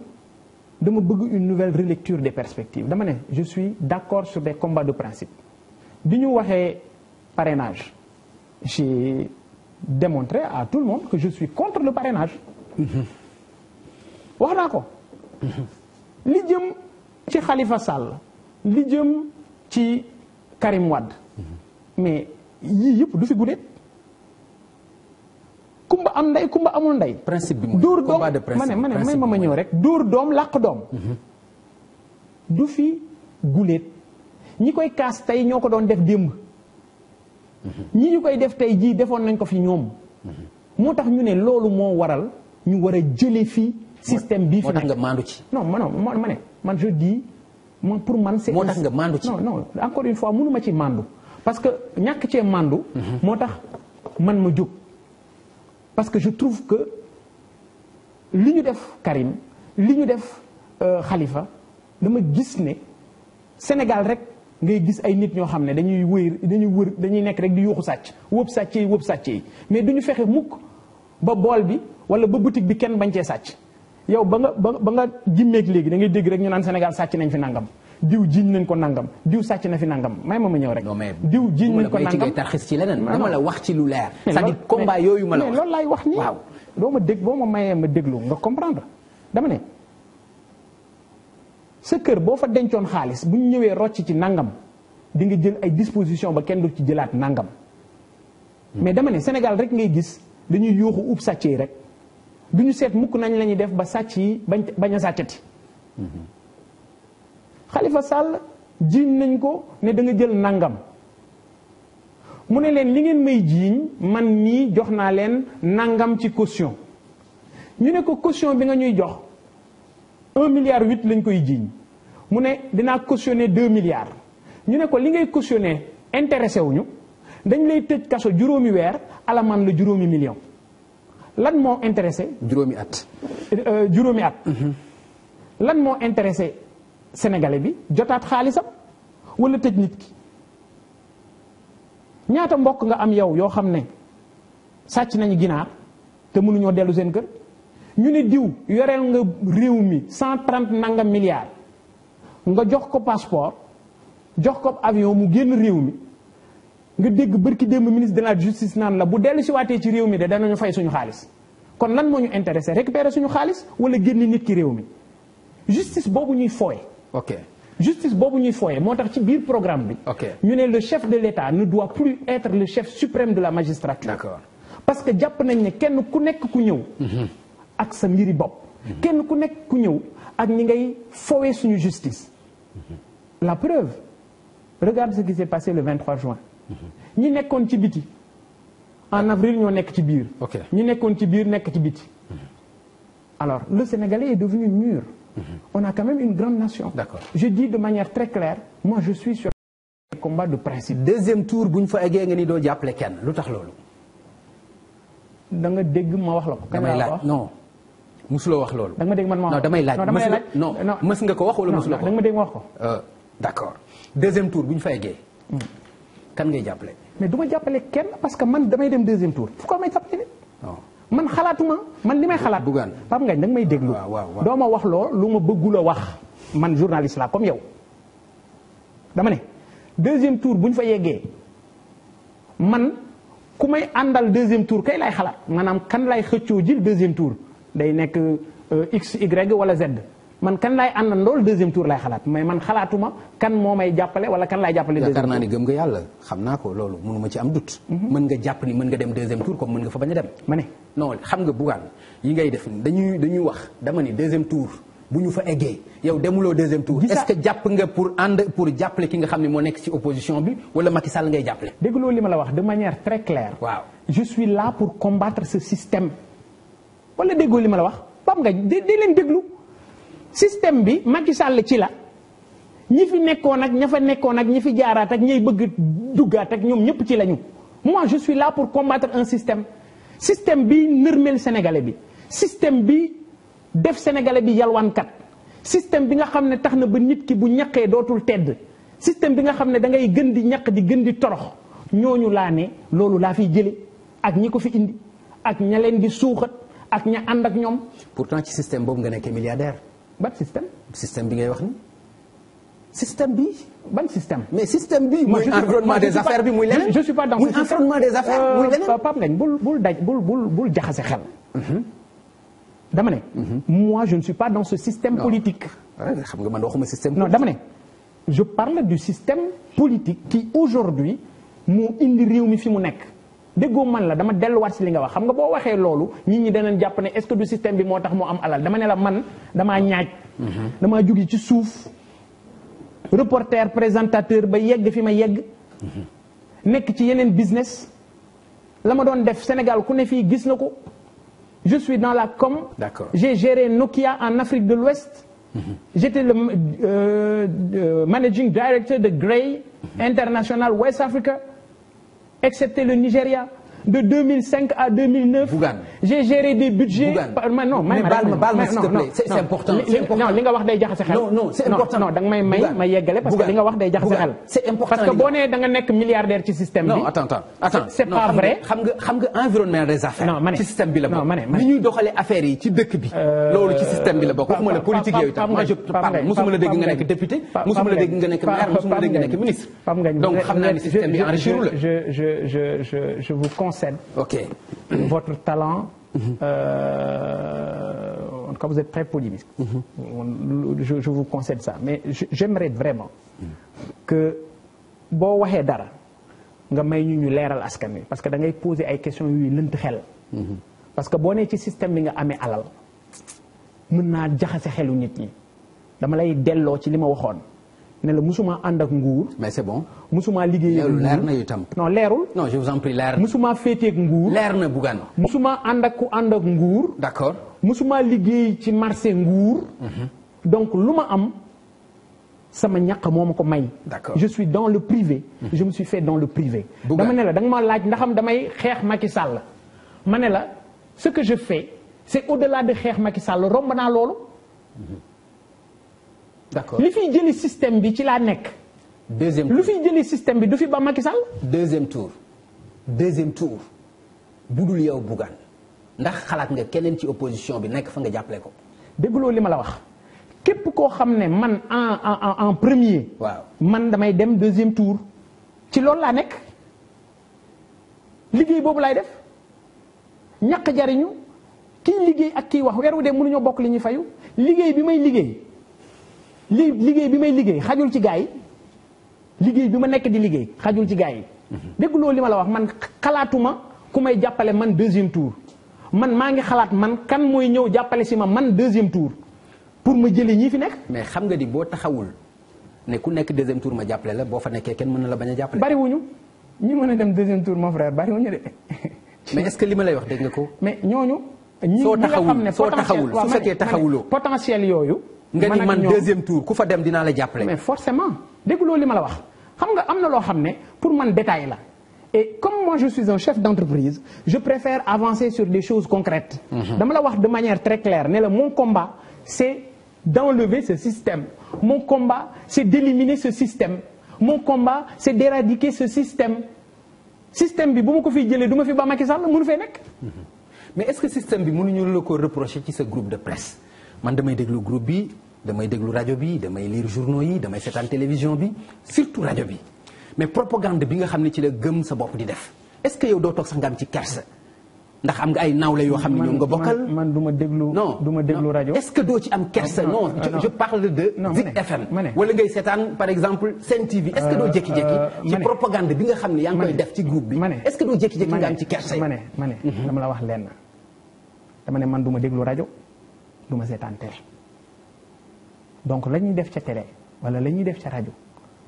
dama bëgg une nouvelle relecture des perspectives dama ne je suis d'accord sur des combats de principe bi ñu waxee parrainage démontrer à tout le monde que je suis contre le parrainage. wax naa ko. li jëm ci Khalifa Sall li jëm ci Karim Wade mais yii yëpp du fi guddee. kumba am ndey kumba amul ndey. principe bi mooy dóor doom ma ne ma ne ma ñëw rek dóor doom làq doom. du fi guleet ñi koy kaas tey ñoo ko doon def démb. ñi ñu koy def tey jii defoon nañ ko fi ñoom moo tax ñu ne loolu moo waral ñu war a jële fi système bii fi moo tax nga maandu ci non non ma ne man je dis man pour man c'est moo tax nga maandu ci non non encore une fois mënu ma ci maandu parce que ñàkk cee maandu moo tax man ma jóg parce que je trouve que li ñu def Karim li ñu def euh, Khalifa dama gis ne Sénégal rek ngay gis ay nit ñoo xam ne dañuy wër dañuy wër dañuy nekk rek di yuuxu sàcc wëpp sàcc yi wëpp sàcc yi mais du ñu fexe mukk ba bool bi wala ba boutique bi kenn bañ cee sàcc yow ba nga ba ba nga jimmeeg léegi da ngay dégg rek ñu naan Sénégal sàcc nañ fi nangam diw jiiñ nañ ko nangam diw sàcc na fi nangam may ma ma ñëw rek. diw jiiñ nañ ko nangam tarxis ci leneen dama la wax ci lu leer. c'est-à-dire combat yooyu ma la wax. loolu laay wax nii. waaw doo ma dégg boo ma mayee ma déglu nga comprendre dama ne sa kër boo fa dencoon xaalis bu ñu ñëwee rocc ci nangam di nga jël ay disposition ba kenn du ci jëlaat nangam. mais dama ne Sénégal rek ngay gis dañuy yooxu ub sàcc yi rek du ñu seet mukk nañ la ñuy def ba sàcc yi bañ bañ a sàccati. xalifa sàll jiiñ nañ ko ne danga jël nangam mu ne leen li ngeen may jiiñ man nii jox naa leen nangam ci caution ñu ne ko caution bi nga ñuy jox. un milliard huit lañ koy jiiñ mu ne dinaa cautionner deux milliards ñu ne ko li ngay cautionner intéressé wuñu dañ lay tëj kaso juróomi weer alamaan la juróomi million lan moo intéressé juróomi at euh, juróomi at mm-hmm. lan moo intéressé sénégalais bi jotaat xaalisam wala tëj nit ki ñaata mbokk nga am yow yoo xam ne sàcc nañu ginaar te mënuñoo dellu seen kër ñu ne diw yoreel nga réew mi cent trente nangam milliards nga jox ko passeport jox ko avion mu génn réew mi nga dégg bërki démb ministre de la justice naan la bu dellu si waatee ci réew mi de danañu fay suñu xaalis kon lan moo ñu intéressé récupérer suñu xaalis wala génn nit ki réew mi justice boobu ñuy fooye ok justice boobu ñuy fooye moo tax ci biir programme bi ñu ne le chef de l'État ne doit plus être le chef suprême de la magistrature d'accord parce que jàpp nañ ne kenn ku nekk ku ñëw mhm. ak sa mbiri bopp kenn ku nekk ku ñëw ak ñi ngay fowee suñu justice la preuve regarde ce qui s'est passé le vingt 23 juin ñi nekkoon ci biti en avril ñoo nekk ci biir ñi nekkoon ci biir nekk ci biti alors le Sénégalais est devenu mûr on a quand même une grande nation d'accord je dis de manière très claire moi je suis sur combat de principe deuxième tour bu fa eggee nga ni doo jàppale kenn lu tax loolu da nga dégg ma wax la ko damay laaj non musuloo wax loolu. da ma dégg man ma wax non damay laaj. non damay laaj non mës ko wax wala musuloo ko. non da nga ma wax ko. Euh, d' accord deuxième tour bu ñu fa eggee. Hmm. kan ngay jàppale. mais du ma jàppale kenn parce que man damay dem deuxième tour pourquoi may jàppale nit. man xalaatuma man li may xalaat. bugaan Pape Ngagne da nga may déglu. waaw doo ma wax loo lu ma bëggul wax. man journaliste laa comme yow dama ne deuxième tour bu ñu fa yeggee man ku may àndal deuxième tour kay laay xalaat maanaam kan laay xëccoo jël deuxième tour. day nekk euh, x y wala z man kan laay ànd ndool deuxième tour laay xalaat mais man xalaatuma kan moo may jàppale wala kan laay jàppale. deuxième tour yaakaar naa ni gëm nga yàlla xam naa ko loolu mënuma ci am doute. Mhm. mën nga jàpp ni mën nga dem deuxième tour comme mën nga fa bañ a dem. ma ne non xam nga bugaan yi ngay def dañuy dañuy wax dama ni deuxième tour bu ñu fa eggee yow demuloo deuxième tour. est-ce que jàpp nga pour ànd pour jàppale ki nga xam ne moo nekk ci opposition bi wala Macky Sall ngay jàppale. dégg li ma la wax de manière wala déggoo li ma la wax Pape Ngagne di leen déglu système bi Macky Sall ci la ñi fi nekkoon ak ña fa nekkoon ak ñi fi jaaraat ak ñay bëgg duggaat ak ñoom ñëpp ci lañu mois je la pour combattre un système système bi nërmeel sénégalais bi système bi def sénégalais bi yalwaankat système bi nga xam ne tax na ba nit ki bu ñaqee dootul tedd système bi nga xam ne da ngay gën di ñakk di gën di torox ñooñu laa ne loolu laa fiy jële ak ñi ko fi indi ak ña leen suuxat ak ña ànd ak ñoom pourtant ci système boobu nga nekkee milliardaire ban système système bi ngay wax ni système bi ban système. mais système bi. muy environnement des affaires bi muy leneen. je suis pas dans muy environnement des affaires muy leneen. Pape Ngagne bul bul daj bul bul bul jaxase xel. Mhm. dama ne. Mhm. moi je ne suis pas dans ce système politique. xam nga man waxuma système. non dama ne je parle du système politique qui aujourd'hui moo indi réew mi fi mu nekk. déggoo man la dama delluwaat si li nga wax xam nga boo waxee loolu nit ñi danañ jàpp ne est-ce que du système bi moo tax moo am alal dama ne la man damaa ñaaj mhm. dama jóge ci suuf reporter présentateur ba yegg fi ma yegg mhm. nekk ci yeneen business la ma doon def Sénégal ku ne fii gis na ko je suis dans la comme j'ai géré Nokia en Afrique de l'Ouest mhm. j'étais le euh, euh, managing director de Grey International West Africa excepté le Nigeria de 2005 à 2009. Bougane des budgets. Par, ma, non mais may yeggale li nga wax day jaxase xel. parce que boo nee nekk milliardaire ci système bi. c'est pas vrai. xam nga ci système bi la bokk. non ma ne ma ne ci dëkk bi. Euh, loolu ci système bi la bokk. waxuma la politique yooyu tam moi je parle musuma la dégg nga nekk député. musuma la dégg nga nekk maire musuma la dégg nga ministre. donc xam naa ni système bi enrichir la. je je concerne, okay. [COUGHS] votre talent, mhm. euh, en tout cas vous mhm. Mais j'aimerais vraiment mhm. que boo waxee dara nga may ñu ñu leeral askan wi parce que da ngay poser ay questions yuy lënt xel. parce que boo nee ci système bi nga amee alal mën naa jaxase xelu nit ñi dama lay delloo ci li ma waxoon. ne la musuma ànd ak nguur. mais bon musuma liggéey ak leer na itam. non leerul. non je vous en prie leer na musuma nguur. leer na Bougane. musuma ànd ak ku ànd ak nguur. d'accord musuma liggéey ci marché nguur. Mhm. donc lu ma am sama ñaq moo ma ko may. d'accord je suis dans le privé. Mhm. je me suis fait dans le privé. dama ne la da nga ma laaj ndaxam damay xeex Macky Sall ma ne la ce que je fais c'est au-delà de xeex Macky Sall romb naa loolu. Mhm. d'accord li fiy jëli système bi ci laa nekk. deuxième lu fiy jëli système bi du fi ba Macky Sall. deuxième tour deuxième tour yow Bougane ndax xalaat nga keneen ci opposition bi nekk fa nga jàppale ko. dégguloo li ma la wax képp koo xam ne man en en en premier. waaw man damay dem deuxième tour. ci loolu laa nekk liggéey boobu laay def ñàkk jariñu kiy liggéey ak kiy wax weer wu dee mënuñoo bokk li ñuy fayu liggéey bi may liggéey. li liggéey bi may liggéey xajul ci gaa yi liggéey bi ma nekk di liggéey xajul ci gaa yi. Mhm. loo li ma la wax man xalaatuma ku may jàppale man deuxième tour man maa ngi xalaat man kan mooy ñëw jàppale si ma man deuxième tour pour ma jëlee ñii fi nekk. mais xam nga di boo taxawul ne ku nekk deuxième tour ma jàppale la boo fa nekkee kenn mën na la bañ a jàppale. bariwuñu ñi mën a dem deuxième tour mon frère bariwuñu de. [LAUGHS] mais est li ma lay wax dégg ko. mais ñooñu. ñi nga xam ne soo taxawul soo taxawul taxawuloo potentiel yooyu. nga ni man deuxième tour ku fa dem dinaa la jàppale. mais forcément dégguloo li ma la wax xam nga am na loo xam ne pour man détail la et comme moi je suis un chef d'entreprise je préfère avancer sur des choses concrètes. Mhm. dama la wax de manière très claire ne la mon combat c'est d'enlever ce système mon combat c'est d'éliminer ce système mon combat c'est d'éradiquer ce système système bi bu ma ko fiy jëlee du ma fi ba Macky Sall mënu fee nekk. Mhm. mais est-ce que système bi mënuñu la ko reprocher ci sa groupe de presse man damay déglu groupe bi. damay déglu rajo bi damay liir journaux yi damay seetaan télévision bi surtout rajo bi mais propagande bi nga xam ne ci la gëm sa bopp di def est-ce que yow doo toog sax nga am ci kersa ndax am nga yoo xam ne ñoom nga bokkal man du ma déglu non du ma déglu rajo est que doo ci am kersa non je parle de Zik FM wala ngay seetaan par exemple Sen TV est-ce que doo euh, jékki-jékki euh, ci propagande bi nga xam ne yaa ngi koy def ci groupe bi est-ce que doo jékki-jékki nga am ci kersa ma ne ma ne mhm. dama la wax lenn dama ne man du ma déglu rajo du ma seetaan télé donc la ñuy def ca télé wala la ñuy def ca rajo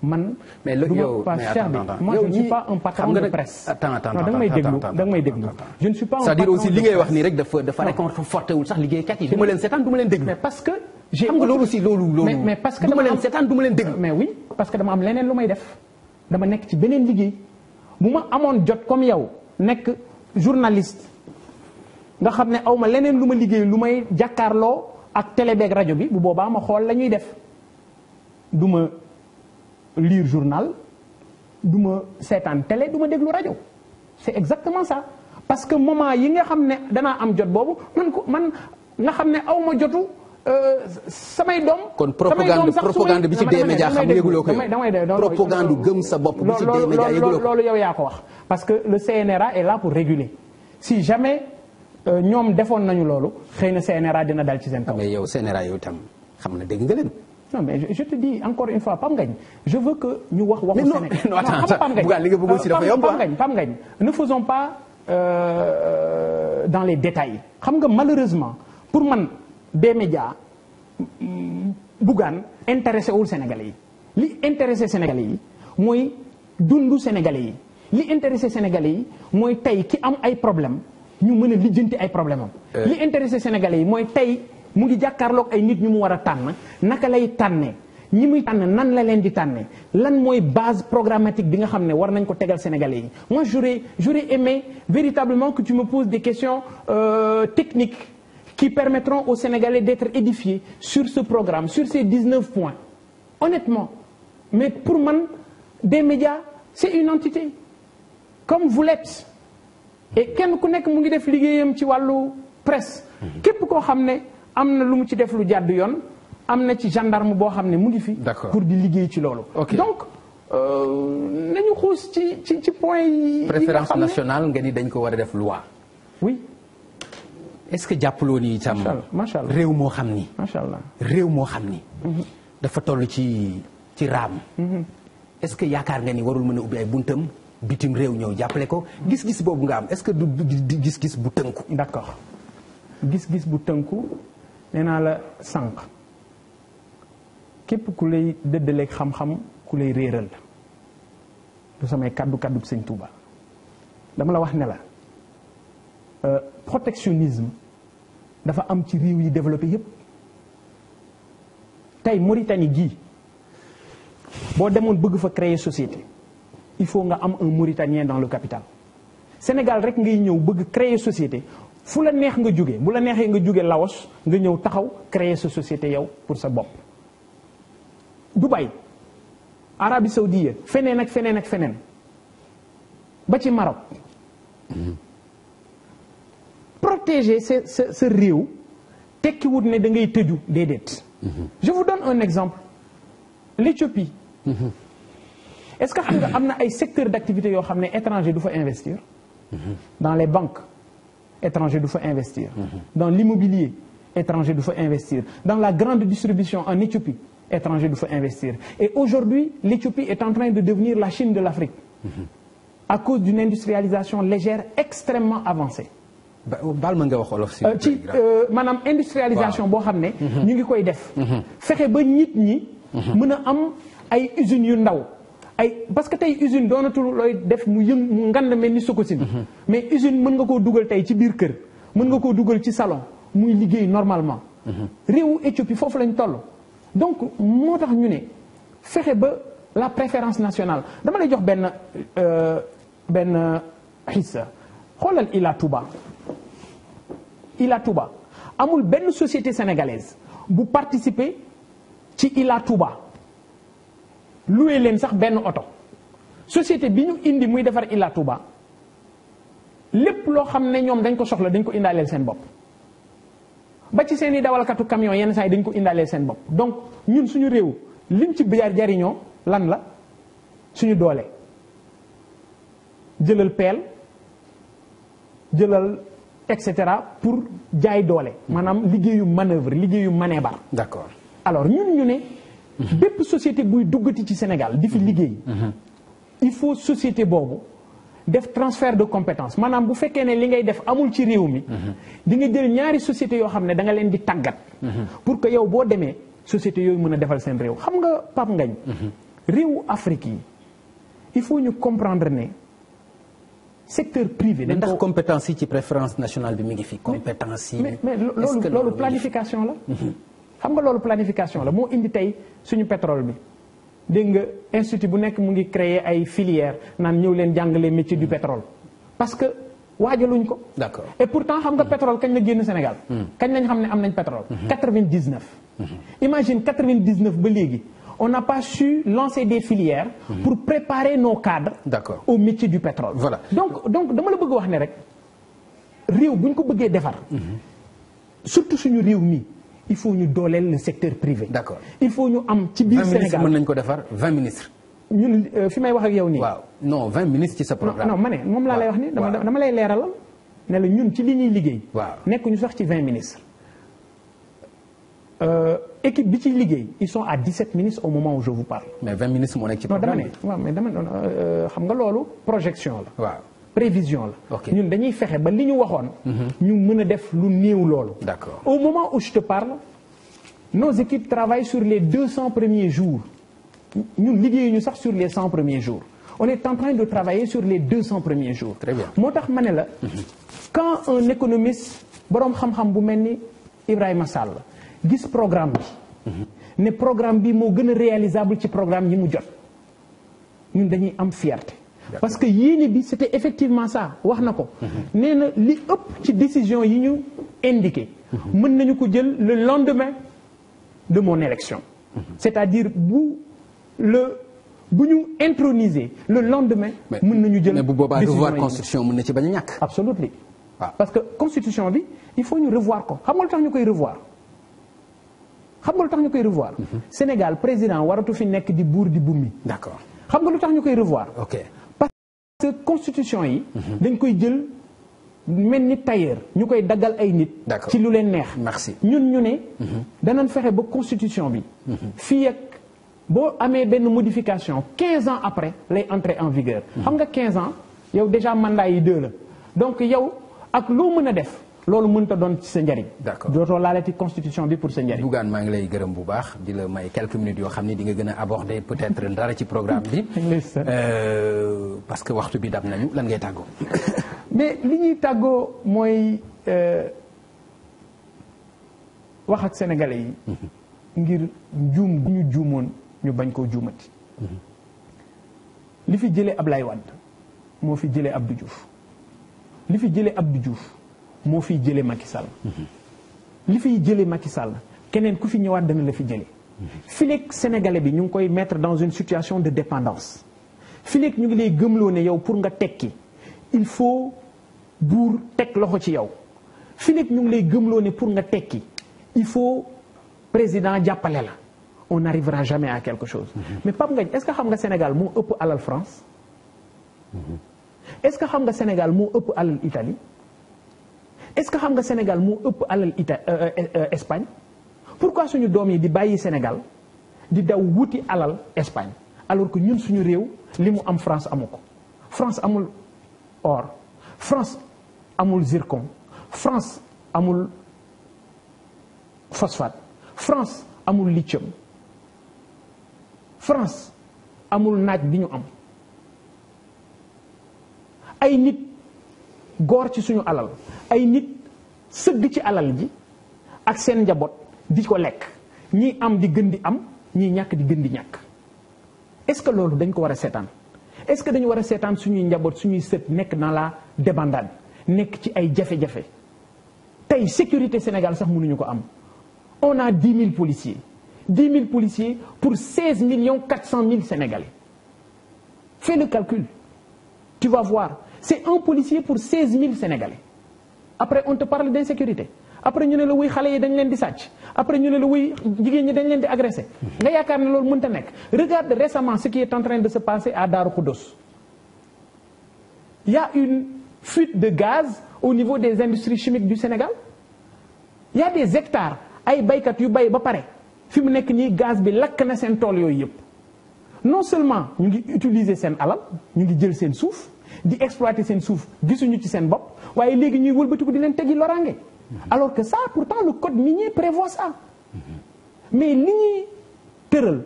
man. mais léegi yow mais attends attends je ne suis pas un patron de presse. attends attends attends da nga may déglu da may déglu. je ne suis li ngay wax nii rek dafa dafa réconforté wul sax liggéeykat yi. du ma leen seetaan du ma leen déglu. mais parce que. xam nga loolu aussi loolu loolu. mais parce que dama leen seetaan du leen déglu. mais oui parce que dama am leneen lu may def dama nekk ci beneen liggéey bu ma amoon jot comme yow nekk journaliste nga xam ne aw ma leneen lu ma liggéey lu may jàkkaarloo ak télé beeg rajo bi bu boobaa ma xool la ñuy def du ma lire journal du ma seetaan télé du ma déglu rajo c'est exactement sax parce que moment yi nga xam ne danaa am jot boobu man ko man nga xam ne aw ma jotu euh, samay doom. kon propagande propagande bi ci dee média xam yëguloo ko yow propagande gëm sa bopp bi ci dee média yëguloo ko loolu yow yaa ko wax parce que le CNRA est là pour réguler si jamais. ñoom defoon nañu loolu xëy na CNRA dina dal ci seen kaw. mais yow CNRA yow itam xam na dégg nga leen. non mais je te dis encore une fois Pape Ngagne je veux que ñu wax waxu Sénégal non non Pape ah. Ngagne Pape Ngagne ne faisons pas euh, euh, dans les détails xam nga malheureusement pour man des médias mm, Bougane intéressé wul Sénégalais yi li intéressé Sénégalais yi mooy dundu Sénégalais yi li intéressé Sénégalais yi mooy tey ki am ay problème ñu mën a lijjanti ay problème am. Euh. li intéressé Sénégalais yi mooy tey mu ngi jàkkaarloog ay nit ñu mu war a tànn naka lay tànne ñi muy tànn nan la leen di tànnee lan mooy base programmatique bi nga xam ne war nañ ko tegal Sénégalais yi moi j'aurais j'aurais aimé véritablement que tu me poses des questions euh, techniques qui permettront aux Sénégalais d'être édifiés sur ce programme sur ces 19 points honnêtement mais pour man des médias c'est une entité comme vous kenn ku nekk mu ngi def liggéeyam ci wàllu presse mhm. képp koo xam ne am na lu mu ci def lu jàdd yoon am na ci gendarme boo xam ne mu ngi fi pour di liggéey ci loolu donc euh, nañu xuus ci ci ci point yi préférence nationale nga ni dañ ko war a def loi oui est-ce que jàppaloo ni itam macha allah réew moo xam ni macha allah réew moo xam ni mhm. dafa toll ci ci raam mhm. est-ce que yaakaar nga ni warul mën a ubbi ay buntam bitim réew ñëw jàppale ko gis-gis boobu nga am est-ce que du gis-gis bu tënku. d'accord gis-gis bu tënku nee naa la sànq képp ku lay dëddaleeg xam-xam ku lay réeral du samay kàddu kaddu sëñ Touba dama la wax ne la euh, protectionnisme dafa am ci réew yi développé yépp tey Mauritanie gii boo demoon bëgg fa créer société. il faut nga am un Mauritanien dans le capital Sénégal rek ngay ñëw bëgg créer société fu la neex nga jóge bu la neexee nga jóge Laos nga ñëw taxaw créer sa société yow pour sa bopp Dubaï Arabie Saoudite feneen ak feneen ak feneen ba ci Maroc protéger sa sa sa réew tekkiwut ne da ngay tëju déedéet mhm. je vous donne un exemple l'Éthiopie mhm. est-ce que xam nga am na ay secteurs d'activité yoo xam ne étranger du fa investir dans les banques étranger du fa investir dans l'immobilier étranger du fa investir dans la grande distribution en Éthiopie étranger du fa investir et aujourd'hui l'Éthiopie est en train de devenir la Chine de l'Afrique à cause d'une industrialisation légère extrêmement avancée baal ma nga wax olof si euh, ci euh, maanaam industrialisation boo xam ne mhm. ñu ngi koy def mhm. fexe ba nit ñi mhm. mën a am ay usines yu ndaw ay parce que tey usine doonatul looy def mu yëng mu ngand mel ni sokosin mhm. mais usine mën nga koo dugal tey ci biir kër mën nga koo dugal ci salon muy liggéey normalement mhm. réewu Éthiopie foofu lañ toll donc moo tax ñu ne fexe ba la préférence nationale dama lay jox benn euh, benn xissa xoolal Ila Touba Ila Touba amul benn société sénégalaise bu participer ci Ila Touba loué leen sax benn oto société bi ñu indi muy defar Ila Touba lépp loo xam ne ñoom dañ ko soxla dañ ko indaaleel seen bopp ba ci seen i dawalkatu camion yenn sax yi dañ ko indaaleel seen bopp donc ñun suñu réew lim ci bijaar jariñoo lan la suñu doole jëlal peel jëlal et cetera pour jaay doole maanaam liggéeyu manœuvre liggéeyu manébar d'accord alors ñun ñu ne bépp société buy duggati ci Sénégal di fi liggéey. il faut société boobu def transfert de compétence maanaam bu fekkee ne li ngay def amul ci réew mi. di nga jël ñaari société yoo xam ne da nga leen di tàggat. pour que yow boo demee société yooyu mën a defal seen réew xam nga Pape Ngagne. réew Afrique yi il faut ñu comprendre ne. secteur privé. dañ ndax compétence yi ci préférence nationale bi mi ngi fi. compétence yi mais loolu planification la. Mhm. xam nga loolu planification la moo indi tey suñu pétrole bi dégg nga institut bu nekk mu ngi créer ay filière naan ñëw leen jàngale métier du mm-hmm. pétrole parce que waajaluñ ko. d'accord et pourtant xam nga mm-hmm. pétrole kañ la génn Sénégal. Mm-hmm. kañ lañ xam ne am nañ pétrole. 99. imagine 99 ba léegi on n'a pas su lancer des filières. pour préparer nos cadres. d'accord au métier du pétrole. voilà donc donc dama la bëgg wax ne rek réew bu ko bëggee defar. surtout suñu réew mii. il faut ñu dooleel le secteur privé. d'accord il faut ñu am ci biir Sénégal mën nañ ko defar vingt ministres. ñun euh, fi may wax ak yow nii. waaw non vingt ministres ci sa programme. non ma ne moom laa lay wax ni dama dama lay leeralal ne la ñun ci li ñuy liggéey. waaw nekkuñu sax ci vingt ministres. Euh, équipe bi ci liggéey ils sont à 17 ministres au moment où je vous parle. mais 20 ministres moo nekk ci programme non dama ne waaw mais dama ne euh, xam nga loolu projection la. waaw prévision la. ñun dañuy fexe ba li ñu waxoon. Mhm. ñu mën a def lu néew loolu. d'accord au moment ou je te parle nos équipes travaillent sur les deux cent premiers jours ñun liggéeyuñu sax sur les cent premiers jours on est en de travailler sur les deux cent premiers jours. très moo tax ma ne la. Mhm. quand un économiste boroom xam-xam bu mel ni Ibrahima Sall gis programme bi. Mhm. ne programme bi moo gën a réalisable ci programme yi mu jot ñun dañuy am fierté. parce que yéene bi c'était effectivement ça wax na ko mhm. nee na li ëpp ci décision yi ñu indiqué mhm. mën nañu ko jël le lendemain de mon élection mhm. c'est-à-dire bu le bu ñu introniser le lendemain mën nañu jël mais bu boobaa revoir constitution mun na ci bañ ñàkk absolument waaw ah. parce que constitution bi il faut ñu revoir ko xam nga lu tax ñu koy revoir xam nga tax ñu koy revoir Sénégal président waratu fi nekk di buur di bummi d'accord xam nga lu tax ñu koy revoir ok parce que constitution yi. dañ koy jël mel ni tailleur ñu koy daggal ay nit. ci lu leen neex. merci ñun ñu ne. Mhm. danañ fexe ba constitution bi. Mhm. fii ak boo amee benn modification 15 ans après lay entrer en vigueur. Mhm. xam nga 15 ans yow déjà mandat yi deux la donc yow ak loo mën a def. loolu mënut a doon ci sa njariñ. d'accord dootoo laalati constitution bi pour sa njariñ. Bougane maa ngi lay gërëm bu baax di la may quelques minutes yoo xam ne di nga gën a aborder peut-être [LAUGHS] dara ci programme bi. [LAUGHS] Euh, parce que waxtu bi dam nañu lan ngay tàggoo. [COUGHS] mais li ñuy tàggoo mooy euh, wax ak sénégalais yi. Mm-hmm. ngir juum bu ñu juumoon ñu bañ koo juumati. Mm-hmm. li fi jëlee Ablaye Wade moo fi jëlee Abdou Diouf li fi jëlee Abdou moo fi jëlee Macky Sall. Mhm. li fiy jëlee Macky Sall keneen ku fi ñëwaat dana la fi jëlee. Mhm. fileeg sénégalais bi ñu ngi koy mettre dans une situation de dépendance fileeg ñu ngi lay gëmloo ne yow pour nga tekki il faut buur teg loxo ci yow fileeg ñu ngi lay gëmloo ne pour nga tekki il faut président jàppale la on n'arrivera jamais à quelque chose. Mhm. mais Pape Ngagne est-ce que xam nga Sénégal moo ëpp alal France. est-ce que xam nga Sénégal moo ëpp alal Italie. est-ce que xam nga Sénégal moo ëpp alal Ita euh, euh, euh, Espagne pourquoi suñu doom yi di bàyyi Sénégal di daw wuti alal Espagne alors que ñun suñu réew li mu am France amu ko France amul or France amul zircon France amul phosphate France amul lithium France amul naaj bi ñu am ay nit góor ci suñu alal ay nit sëgg ci alal ji ak seen njaboot di ko lekk ñi am di gën di am ñi ñàkk di gën di ñàkk est-ce que loolu dañ ko war a seetaan est-ce que dañu war a seetaan suñuy njaboot suñuy sët nekk dans la débandade nekk ci ay jafe-jafe tey sécurité Sénégal sax mënuñu ko am on a dix mille policiers dix mille policiers pour seize millions quatre cent mille Sénégalais fais le calcul tu vas voir c'est un policier pour seize mille Sénégalais après on te parle d'insécurité après ñu ne la wuy xale yi dañ leen di sàcc après ñu ne la wuy jigéen ñi dañ leen di agressé nga yaakaar ne loolu mënta nekk regarde récemment ce qui est en train de se passer à Darou Khoudoss y une fuite de gaz au niveau des industries chimiques du Sénégal y des hectares ay baykat yu bay ba pare fi mu nekk nii gaz bi lakk na seen tool yooyu yëpp non seulement ñu ngi utiliser seen alal ñu ngi jël seen suuf di exploiter seen suuf gisuñu ci seen bopp waaye léegi ñuy wëlbatiku di leen tegi loraange mm-hmm. alors que pour pourtant le code minier prévoit ça mm-hmm. mais li ñuy tëral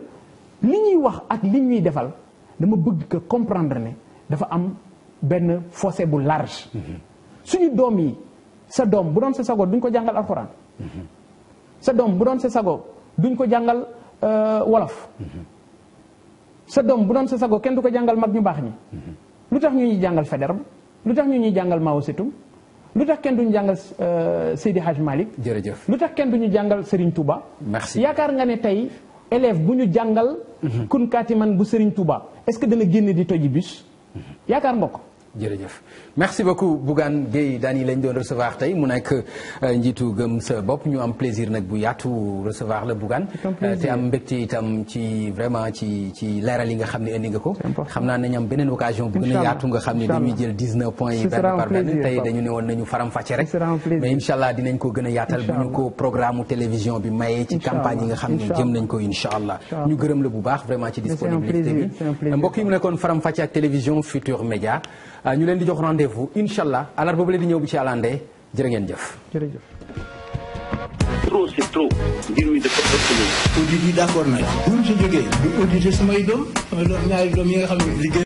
li ñuy wax ak li ñuy defal dama bëgg ko comprendre ne dafa am benn fossé bu large mm-hmm. suñu doom yi sa doom bu doon sa sago duñ ko jàngal alxuraan sa doom bu doon sa sago duñ ko jàngal euh, wolof sa doom bu doon sa sago kenn du ko jàngal mag ñu baax ñi lu tax ñu ñuy jàngal Faidherbe lu tax ñu ñuy jàngal Mao Zedong lu tax kenn duñu jàngal euh, Seydi Hadj Malick. jërëjëf lu tax kenn du ñu jàngal Serigne Touba. merci yaakaar nga ne tey élève bu ñu jàngal. Mhm. kon kaati man bu Serigne Touba est-ce que dana génn di toji bus. Mhm. yaakaar nga ko. jërëjëf merci beaucoup Bougane Gueye Dany lañ doon recevoir tey mu nekk euh, njiitu gëm sa bopp ñu am plaisir nag bu yaatu recevoir la Bougane euh, te am mbégte itam ci vraiment nga xam ne indi nga ko xam naa nañ am beneen occasion bu a yaatu nga xam ne dañuy jël 19 points yi benn par benn tey dañu ne woon nañu faram rek mais incha dinañ ko gën a yaatal bu ñu ko programme télévision bi mayee ci campagne nga xam ne jëm nañ ko incha ñu gërëm la bu baax vraiment ci disponibilité bi mbokk yi mu nekkoon faram fàcce ak Euh, ñu leen di jox rendez-vous incha allah alarba ba di ñëw bi ci àlande jërë ngeen jëf. jërëjëf. trop c'est trop mbir mi dafa ëpp audit yi d'accord jógee du auditer samay doom samay doom ñaari doom yi nga xam ne liggéey